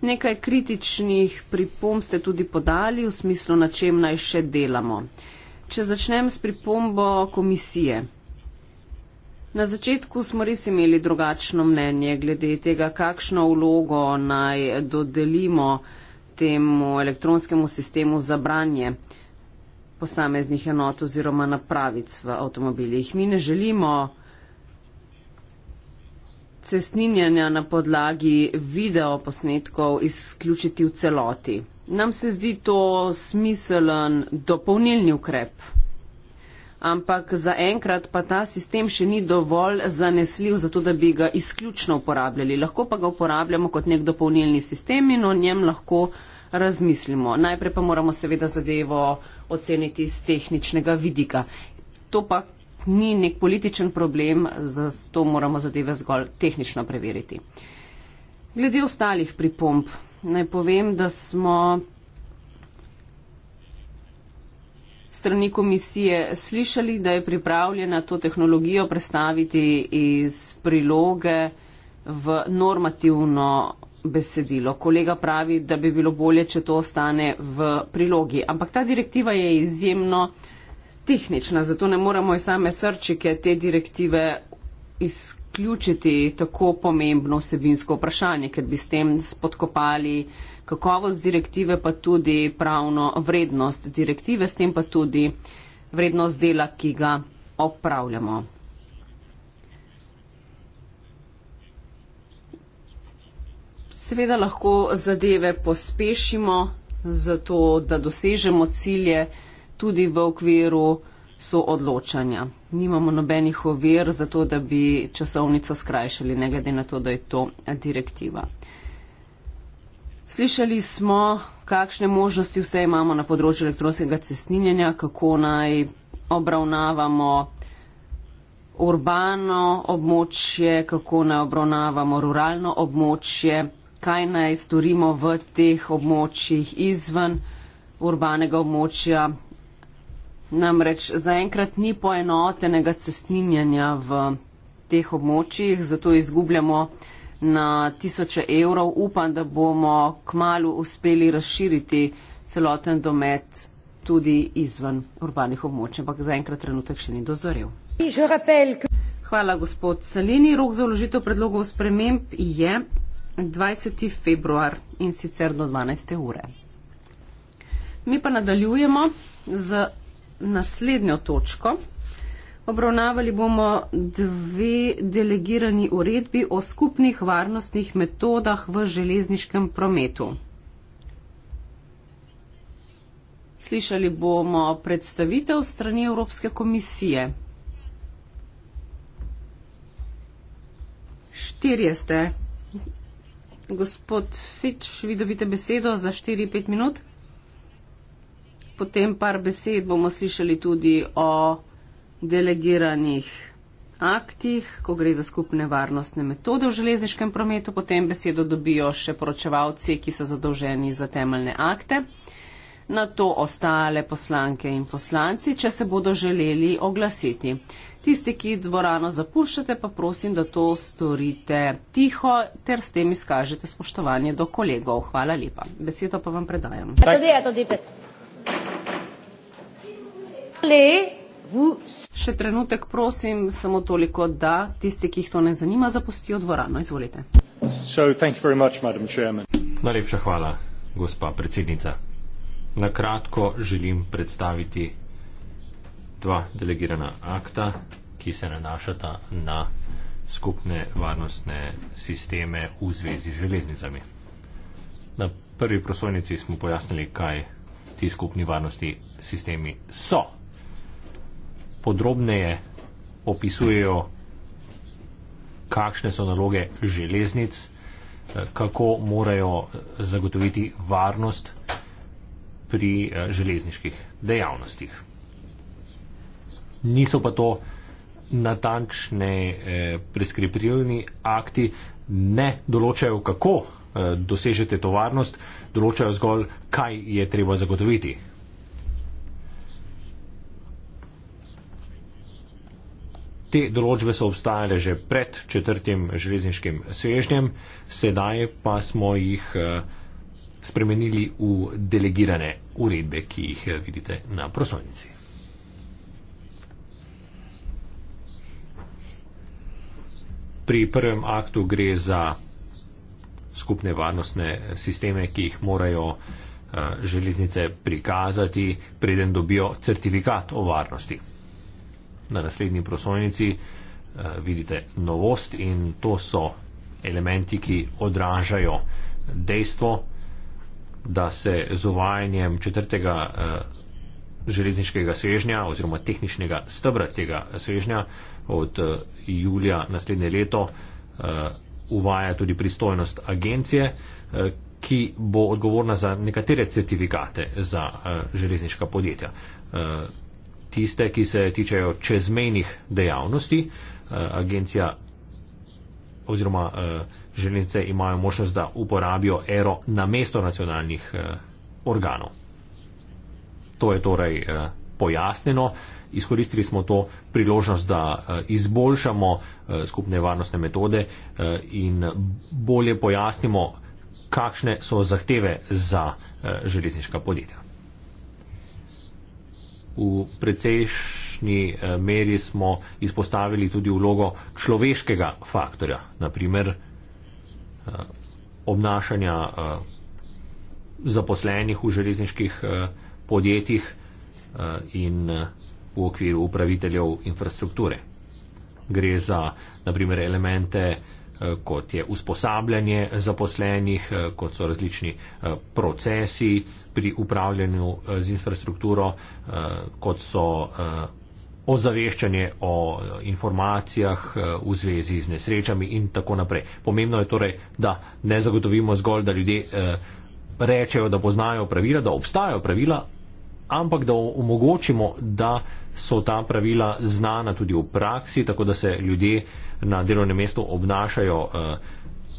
Nekaj kritičnih pripomb ste tudi podali v smislu, na čem naj še delamo. Če začnem s pripombo komisije. Na začetku smo res imeli drugačno mnenje glede tega, kakšno vlogo naj dodelimo temu elektronskemu sistemu za branje posameznih enot oziroma napravic v avtomobilih. Mi ne želimo cestninjanja na podlagi videoposnetkov izključiti v celoti. Nam se zdi to smiseln dopolnilni ukrep, ampak zaenkrat pa ta sistem še ni dovolj zanesljiv, zato da bi ga izključno uporabljali. Lahko pa ga uporabljamo kot nek dopolnilni sistem in o njem lahko razmislimo. Najprej pa moramo seveda zadevo oceniti z tehničnega vidika. To pa ni nek političen problem, zato moramo zadeve zgolj tehnično preveriti. Glede ostalih pripomb, naj povem, da smo strani komisije slišali, da je pripravljena to tehnologijo predstaviti iz priloge v normativno besedilo. Kolega pravi, da bi bilo bolje, če to ostane v prilogi. Ampak ta direktiva je izjemno tehnična, zato ne moremo iz same srčike te direktive izključiti tako pomembno vsebinsko vprašanje, ker bi s tem spodkopali kakovost direktive, pa tudi pravno vrednost direktive, s tem pa tudi vrednost dela, ki ga opravljamo. Seveda lahko zadeve pospešimo, zato da dosežemo cilje tudi v okviru soodločanja. Nimamo nobenih ovir za to, da bi časovnico skrajšali, ne glede na to, da je to direktiva. Slišali smo, kakšne možnosti vse imamo na področju elektronskega cestninjenja, kako naj obravnavamo urbano območje, kako naj obravnavamo ruralno območje kaj naj storimo v teh območjih izven urbanega območja. Namreč zaenkrat ni poenotenega cestninjanja v teh območjih, zato izgubljamo na tisoče evrov. Upam, da bomo k malu uspeli razširiti celoten domet tudi izven urbanih območij, ampak zaenkrat trenutek še ni dozorel. Hvala, gospod Salini. Rok za vložitev predlogov sprememb je 20. februar in sicer do 12. ure. Mi pa nadaljujemo z naslednjo točko. Obravnavali bomo dve delegirani uredbi o skupnih varnostnih metodah v železniškem prometu. Slišali bomo predstavitev strani Evropske komisije. Štirje ste Gospod Fitch, vi dobite besedo za 4-5 minut. Potem par besed bomo slišali tudi o delegiranih aktih, ko gre za skupne varnostne metode v železniškem prometu. Potem besedo dobijo še poročevalci, ki so zadolženi za temeljne akte. Na to ostale poslanke in poslanci, če se bodo želeli oglasiti. Tisti, ki dvorano zapuščate, pa prosim, da to storite tiho ter s tem izkažete spoštovanje do kolegov. Hvala lepa. Besedo pa vam predajam. Ja, Še trenutek, prosim, samo toliko, da tisti, ki jih to ne zanima, zapustijo dvorano. Izvolite. So, much, Najlepša hvala, gospa predsednica. Na kratko želim predstaviti dva delegirana akta, ki se nanašata na skupne varnostne sisteme v zvezi z železnicami. Na prvi prosojnici smo pojasnili, kaj ti skupni varnostni sistemi so. Podrobneje opisujejo, kakšne so naloge železnic, kako morajo zagotoviti varnost pri eh, železniških dejavnostih niso pa to natančne eh, preskriptivni akti, ne določajo, kako eh, dosežete to varnost, določajo zgolj, kaj je treba zagotoviti. Te določbe so obstajale že pred četrtim železniškim svežnjem, sedaj pa smo jih eh, spremenili v delegirane uredbe, ki jih vidite na prosojnici. pri prvem aktu gre za skupne varnostne sisteme, ki jih morajo eh, železnice prikazati, preden dobijo certifikat o varnosti. Na naslednji prosojnici eh, vidite novost in to so elementi, ki odražajo dejstvo, da se z uvajanjem četrtega eh, železniškega svežnja oziroma tehničnega stebra tega svežnja od eh, julija naslednje leto eh, uvaja tudi pristojnost agencije, eh, ki bo odgovorna za nekatere certifikate za železniška podjetja. Tiste, ki se tičejo čezmejnih dejavnosti, agencija oziroma železnice imajo možnost, da uporabijo ERO na mesto nacionalnih organov. To je torej pojasneno izkoristili smo to priložnost, da eh, izboljšamo eh, skupne varnostne metode eh, in bolje pojasnimo, kakšne so zahteve za železniška podjetja. V precejšnji meri smo izpostavili tudi vlogo človeškega faktorja, naprimer obnašanja zaposlenih v železniških podjetjih in v okviru upraviteljev infrastrukture. Gre za naprimer elemente, eh, kot je usposabljanje zaposlenih, eh, kot so različni eh, procesi pri upravljanju z infrastrukturo, kot so ozaveščanje o informacijah v zvezi z nesrečami in tako naprej. Pomembno je torej, da ne zagotovimo zgolj, da ljudje rečejo, da poznajo pravila, da obstajajo pravila, ampak da omogočimo, da so ta pravila znana tudi v praksi, tako da se ljudje na delovnem mestu obnašajo uh,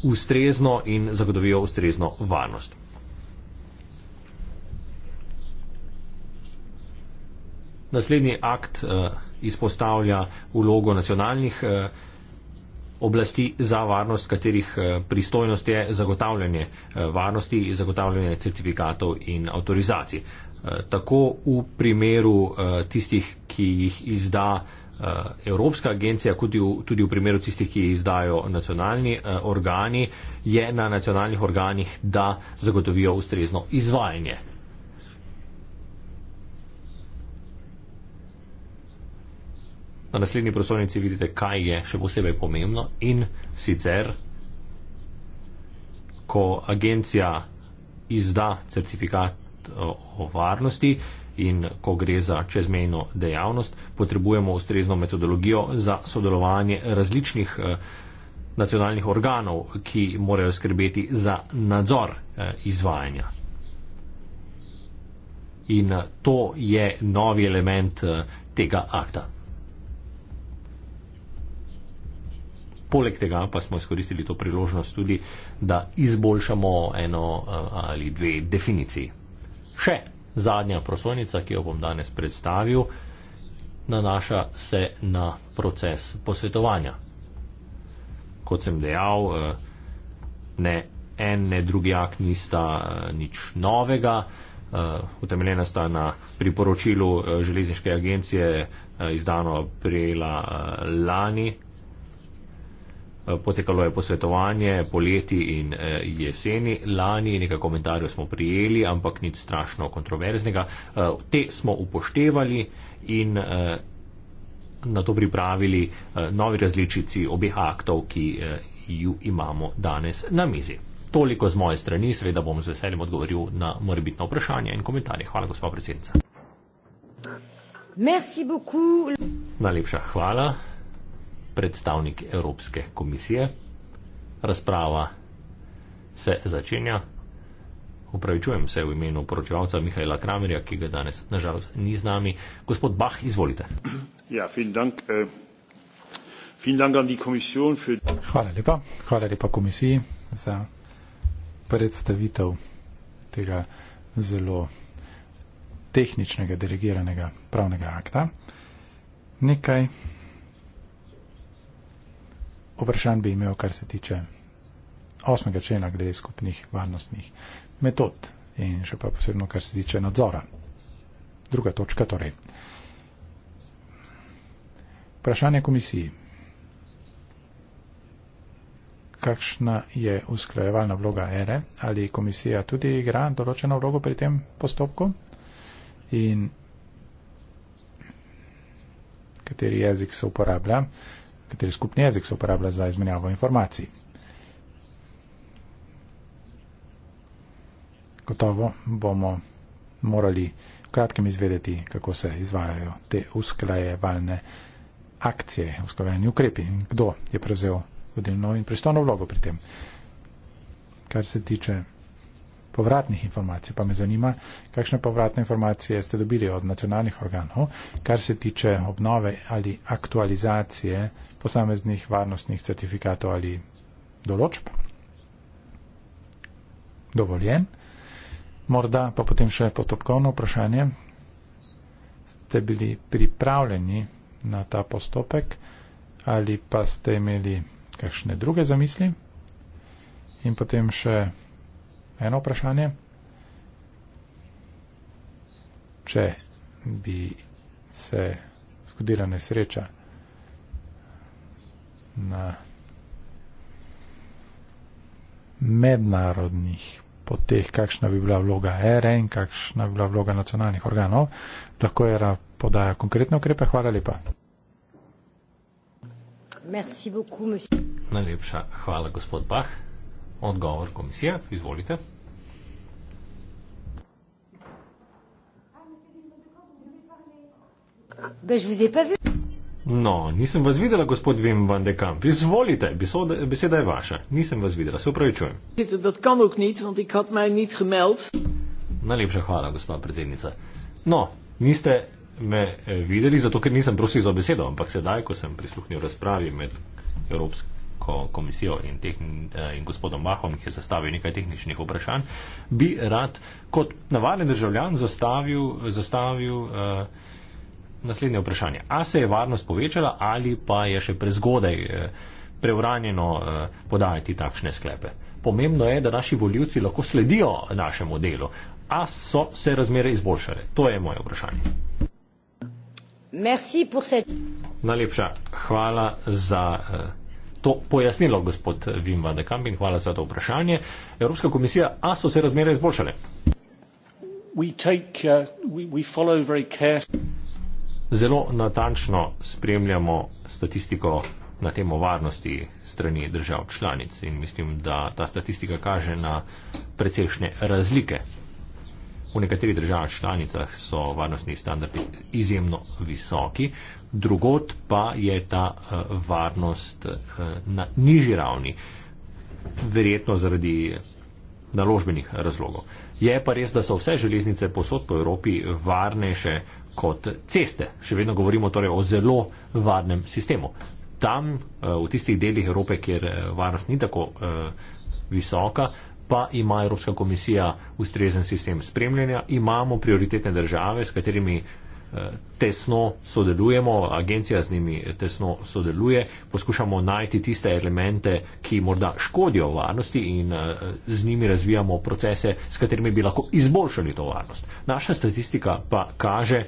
ustrezno in zagotovijo ustrezno varnost. Naslednji akt uh, izpostavlja vlogo nacionalnih uh, oblasti za varnost, katerih pristojnost je zagotavljanje varnosti, zagotavljanje certifikatov in avtorizacij. Eh, tako v primeru eh, tistih, ki jih izda eh, Evropska agencija, tudi v, tudi v primeru tistih, ki jih izdajo nacionalni organi, je na nacionalnih organih, da zagotovijo ustrezno izvajanje. Na naslednji prosovnici vidite, kaj je še posebej pomembno in sicer, ko agencija izda certifikat o varnosti in ko gre za čezmejno dejavnost, potrebujemo ustrezno metodologijo za sodelovanje različnih e, nacionalnih organov, ki morajo skrbeti za nadzor e, izvajanja. In e, to je novi element tega akta. Poleg tega pa smo izkoristili to priložnost tudi, da izboljšamo eno ali dve definiciji. Še zadnja prosojnica, ki jo bom danes predstavil, nanaša se na proces posvetovanja. Kot sem dejal, eh, ne en, ne drugi akt nista eh, nič novega. Eh, utemeljena sta na priporočilu železniške agencije izdano aprila lani Eh, potekalo je posvetovanje poleti in eh, jeseni, lani nekaj komentarjev smo prijeli, ampak nič strašno kontroverznega. Eh, te smo upoštevali in na to pripravili novi različici obeh aktov, ki ju imamo danes na mizi. Toliko z moje strani, seveda bom z veseljem odgovoril na morebitno vprašanje in komentarje. Hvala, gospod predsednica. Najlepša hvala predstavnik Evropske komisije. Razprava se začenja. Upravičujem se v imenu poročevalca Mihajla Kramerja, ki ga danes nažalost ni z nami. Gospod Bach, izvolite. Ja, äh, Hvala lepa. Hvala lepa komisiji za predstavitev tega zelo tehničnega delegiranega pravnega akta. Nekaj vprašanj bi imel, kar se tiče osmega člena glede skupnih varnostnih metod in še pa posebno, kar se tiče nadzora. Druga točka torej. Vprašanje komisiji. Kakšna je usklajevalna vloga ERE? Ali komisija tudi igra določeno vlogo pri tem postopku? In kateri jezik se uporablja? kateri skupni jezik se uporablja za izmenjavo informacij. Gotovo bomo morali v kratkem izvedeti, kako se izvajajo te usklajevalne akcije, usklajevalni ukrepi in kdo je prevzel vodilno in pristojno vlogo pri tem. Kar se tiče povratnih informacij, pa me zanima, kakšne povratne informacije ste dobili od nacionalnih organov, kar se tiče obnove ali aktualizacije posameznih varnostnih certifikatov ali določb. Dovoljen. Morda pa potem še potopkovno vprašanje. Ste bili pripravljeni na ta postopek ali pa ste imeli kakšne druge zamisli? In potem še eno vprašanje. Če bi se zgodila nesreča, na mednarodnih poteh, kakšna bi bila vloga ERE in kakšna bi bila vloga nacionalnih organov, lahko ERA podaja konkretne ukrepe. Hvala lepa. Najlepša hvala, gospod Bah. Odgovor komisija, izvolite. Ben, je vous ai pas vu. No, nisem vas videla, gospod Vim van de Kamp. Izvolite, beseda je vaša. Nisem vas videla, se upravičujem. Dat kan ook niet, want ik had mij niet gemeld. Najlepša hvala, gospod predsednica. No, niste me eh, videli, zato ker nisem prosil za besedo, ampak sedaj, ko sem prisluhnil razpravi med Evropsko komisijo in, tehn, eh, in gospodom Bahom, ki je zastavil nekaj tehničnih vprašanj, bi rad kot navaden državljan zastavil. zastavil uh, naslednje vprašanje. A se je varnost povečala ali pa je še prezgodaj eh, preuranjeno eh, podajati takšne sklepe? Pomembno je, da naši voljivci lahko sledijo našemu delu. A so se razmere izboljšale? To je moje vprašanje. Najlepša hvala za eh, to pojasnilo, gospod Vim van de Kamp in hvala za to vprašanje. Evropska komisija, a so se razmere izboljšale? We take, uh, we, we follow very carefully zelo natančno spremljamo statistiko na temo varnosti strani držav članic in mislim, da ta statistika kaže na precejšnje razlike. V nekaterih državah članicah so varnostni standardi izjemno visoki, drugot pa je ta eh, varnost eh, na nižji ravni. Verjetno zaradi naložbenih razlogov. Je pa res, da so vse železnice posod po Evropi varnejše kot ceste. Še vedno govorimo torej o zelo varnem sistemu. Tam, eh, v tistih delih Evrope, kjer eh, varnost ni tako eh, visoka, pa ima Evropska komisija ustrezen sistem spremljanja. Imamo prioritetne države, s katerimi tesno sodelujemo, agencija z njimi tesno sodeluje, poskušamo najti tiste elemente, ki morda škodijo varnosti in eh, z njimi razvijamo procese, s katerimi bi lahko izboljšali to varnost. Naša statistika pa kaže,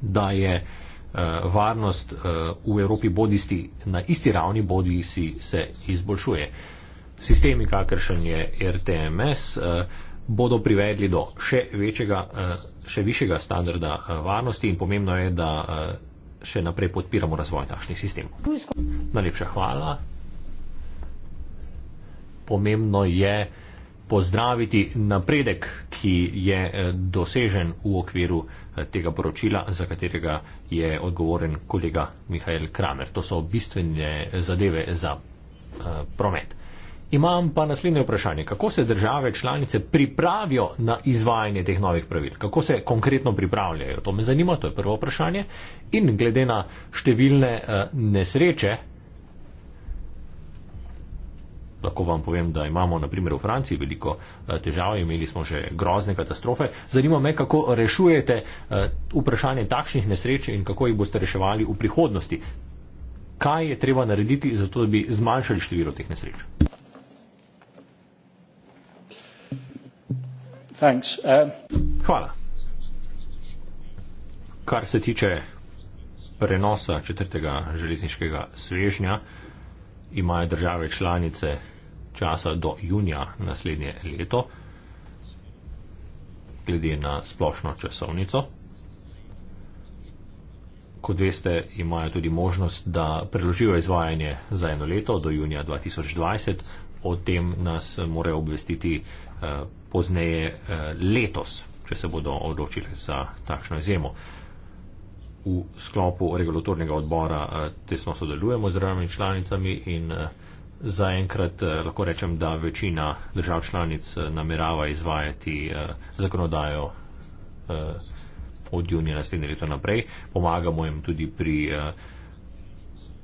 da je eh, varnost eh, v Evropi bodisti na isti ravni, bodisti se izboljšuje. Sistemi, kakršen je RTMS, bodo privedli do še večjega še višjega standarda eh, varnosti in pomembno je, da eh, še naprej podpiramo razvoj takšnih sistemov. Najlepša hvala. Pomembno je pozdraviti napredek, ki je eh, dosežen v okviru tega poročila, za katerega je odgovoren kolega Mihajl Kramer. To so bistvene zadeve za promet. Imam pa naslednje vprašanje. Kako se države članice pripravijo na izvajanje teh novih pravil? Kako se konkretno pripravljajo? To me zanima, to je prvo vprašanje. In glede na številne uh, nesreče, lahko vam povem, da imamo naprimer v Franciji veliko uh, težav, imeli smo že grozne katastrofe. Zanima me, kako rešujete uh, vprašanje takšnih nesreč in kako jih boste reševali v prihodnosti. Kaj je treba narediti, zato da bi zmanjšali število teh nesreč? Thanks. Uh, Hvala. Kar se tiče prenosa četrtega železniškega svežnja, imajo države članice časa do junija naslednje leto, glede na splošno časovnico. Kot veste, imajo tudi možnost, da preložijo izvajanje za eno leto do junija 2020. O tem nas morajo obvestiti. Eh, pozneje eh, letos, če se bodo odločili za takšno izjemo. V sklopu regulatornega odbora eh, tesno sodelujemo z državami članicami in eh, zaenkrat lahko rečem, da večina držav članic namerava izvajati zakonodajo od junija naslednje leto naprej. Pomagamo jim tudi pri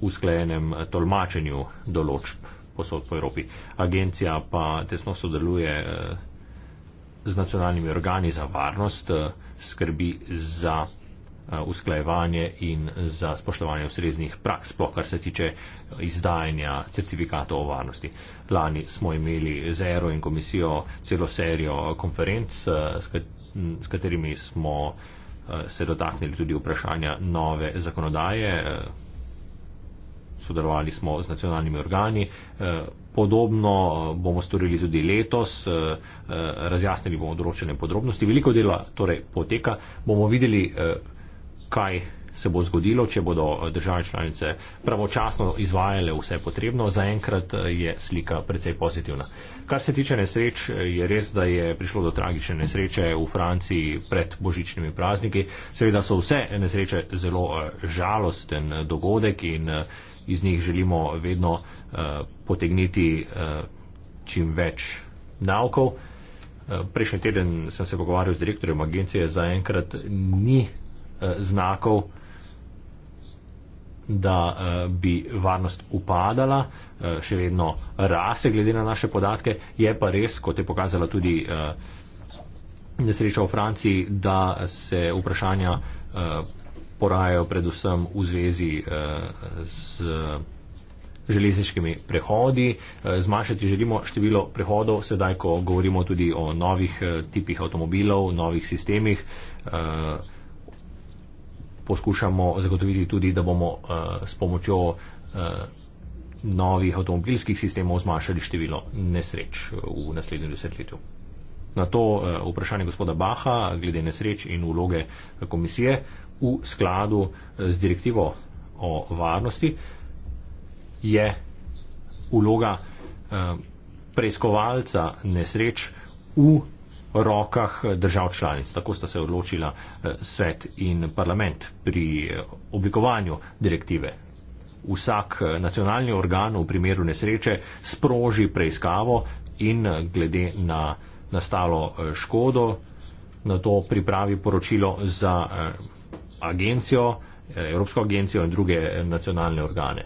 usklajenem tolmačenju določb posod po Evropi. Agencija pa tesno sodeluje z nacionalnimi organi za varnost, eh, skrbi za eh, usklajevanje in za spoštovanje ustreznih praks, sploh kar se tiče eh, izdajanja certifikatov o varnosti. Lani smo imeli z ERO in komisijo celo serijo konferenc, s katerimi smo se dotaknili tudi vprašanja nove zakonodaje. Sodelovali smo z nacionalnimi organi, Podobno eh, bomo storili tudi letos, eh, eh, razjasnili bomo določene podrobnosti. Veliko dela torej poteka, bomo videli, kaj se bo zgodilo, če bodo države članice pravočasno izvajale vse potrebno. Zaenkrat je slika precej pozitivna. Kar se tiče nesreč, je res, da je prišlo do tragične nesreče v Franciji pred božičnimi prazniki. Seveda so vse nesreče zelo žalosten dogodek in iz njih želimo vedno eh, potegniti eh, čim več naukov. Eh, prejšnji teden sem se pogovarjal z direktorjem agencije, zaenkrat ni znakov, da bi varnost upadala, še vedno rase glede na naše podatke. Je pa res, kot je pokazala tudi nesreča v Franciji, da se vprašanja porajajo predvsem v zvezi eh, z železniškimi prehodi. Eh, zmanjšati želimo število prehodov, sedaj, ko govorimo tudi o novih eh, tipih avtomobilov, novih sistemih. Poskušamo zagotoviti tudi, da bomo s pomočjo novih avtomobilskih sistemov zmanjšali število nesreč v naslednjem desetletju. Na to vprašanje gospoda Baha glede nesreč in uloge komisije v skladu eh, z direktivo o varnosti, je uloga eh, preiskovalca nesreč v rokah eh, držav članic. Tako sta se odločila svet in parlament pri oblikovanju direktive. Vsak nacionalni organ v primeru nesreče sproži preiskavo in glede na nastalo škodo na to pripravi poročilo za agencijo, eh, Evropsko agencijo in druge eh, nacionalne organe.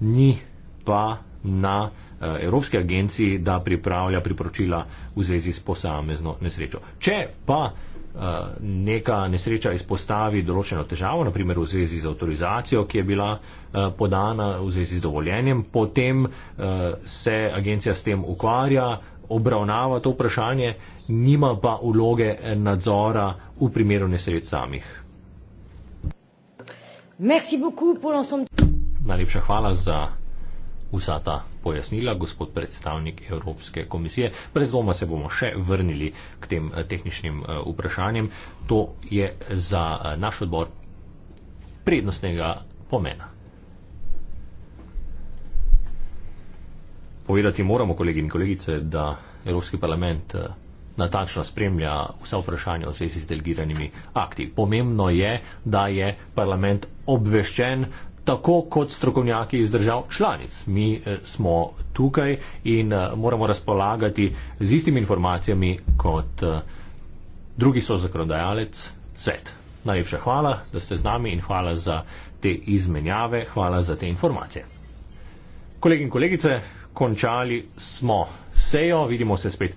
Ni pa na eh, Evropski agenciji, da pripravlja priporočila v zvezi s posamezno nesrečo. Če pa neka nesreča izpostavi določeno težavo, naprimer v zvezi z avtorizacijo, ki je bila podana v zvezi z dovoljenjem, potem se agencija s tem ukvarja, obravnava to vprašanje, nima pa uloge nadzora v primeru nesreč samih. Najlepša hvala za vsa ta pojasnila, gospod predstavnik Evropske komisije. Brez doma se bomo še vrnili k tem eh, tehničnim eh, vprašanjem. To je za eh, naš odbor prednostnega pomena. Povedati moramo, kolegi in kolegice, da Evropski parlament natančno spremlja vsa vprašanja v zvezi z delegiranimi akti. Pomembno je, da je parlament obveščen tako kot strokovnjaki iz držav članic. Mi eh, smo tukaj in eh, moramo razpolagati z istimi informacijami kot eh, drugi so zakonodajalec svet. Najlepša hvala, da ste z nami in hvala za te izmenjave, hvala za te informacije. Kolegi in kolegice, končali smo sejo, vidimo se spet.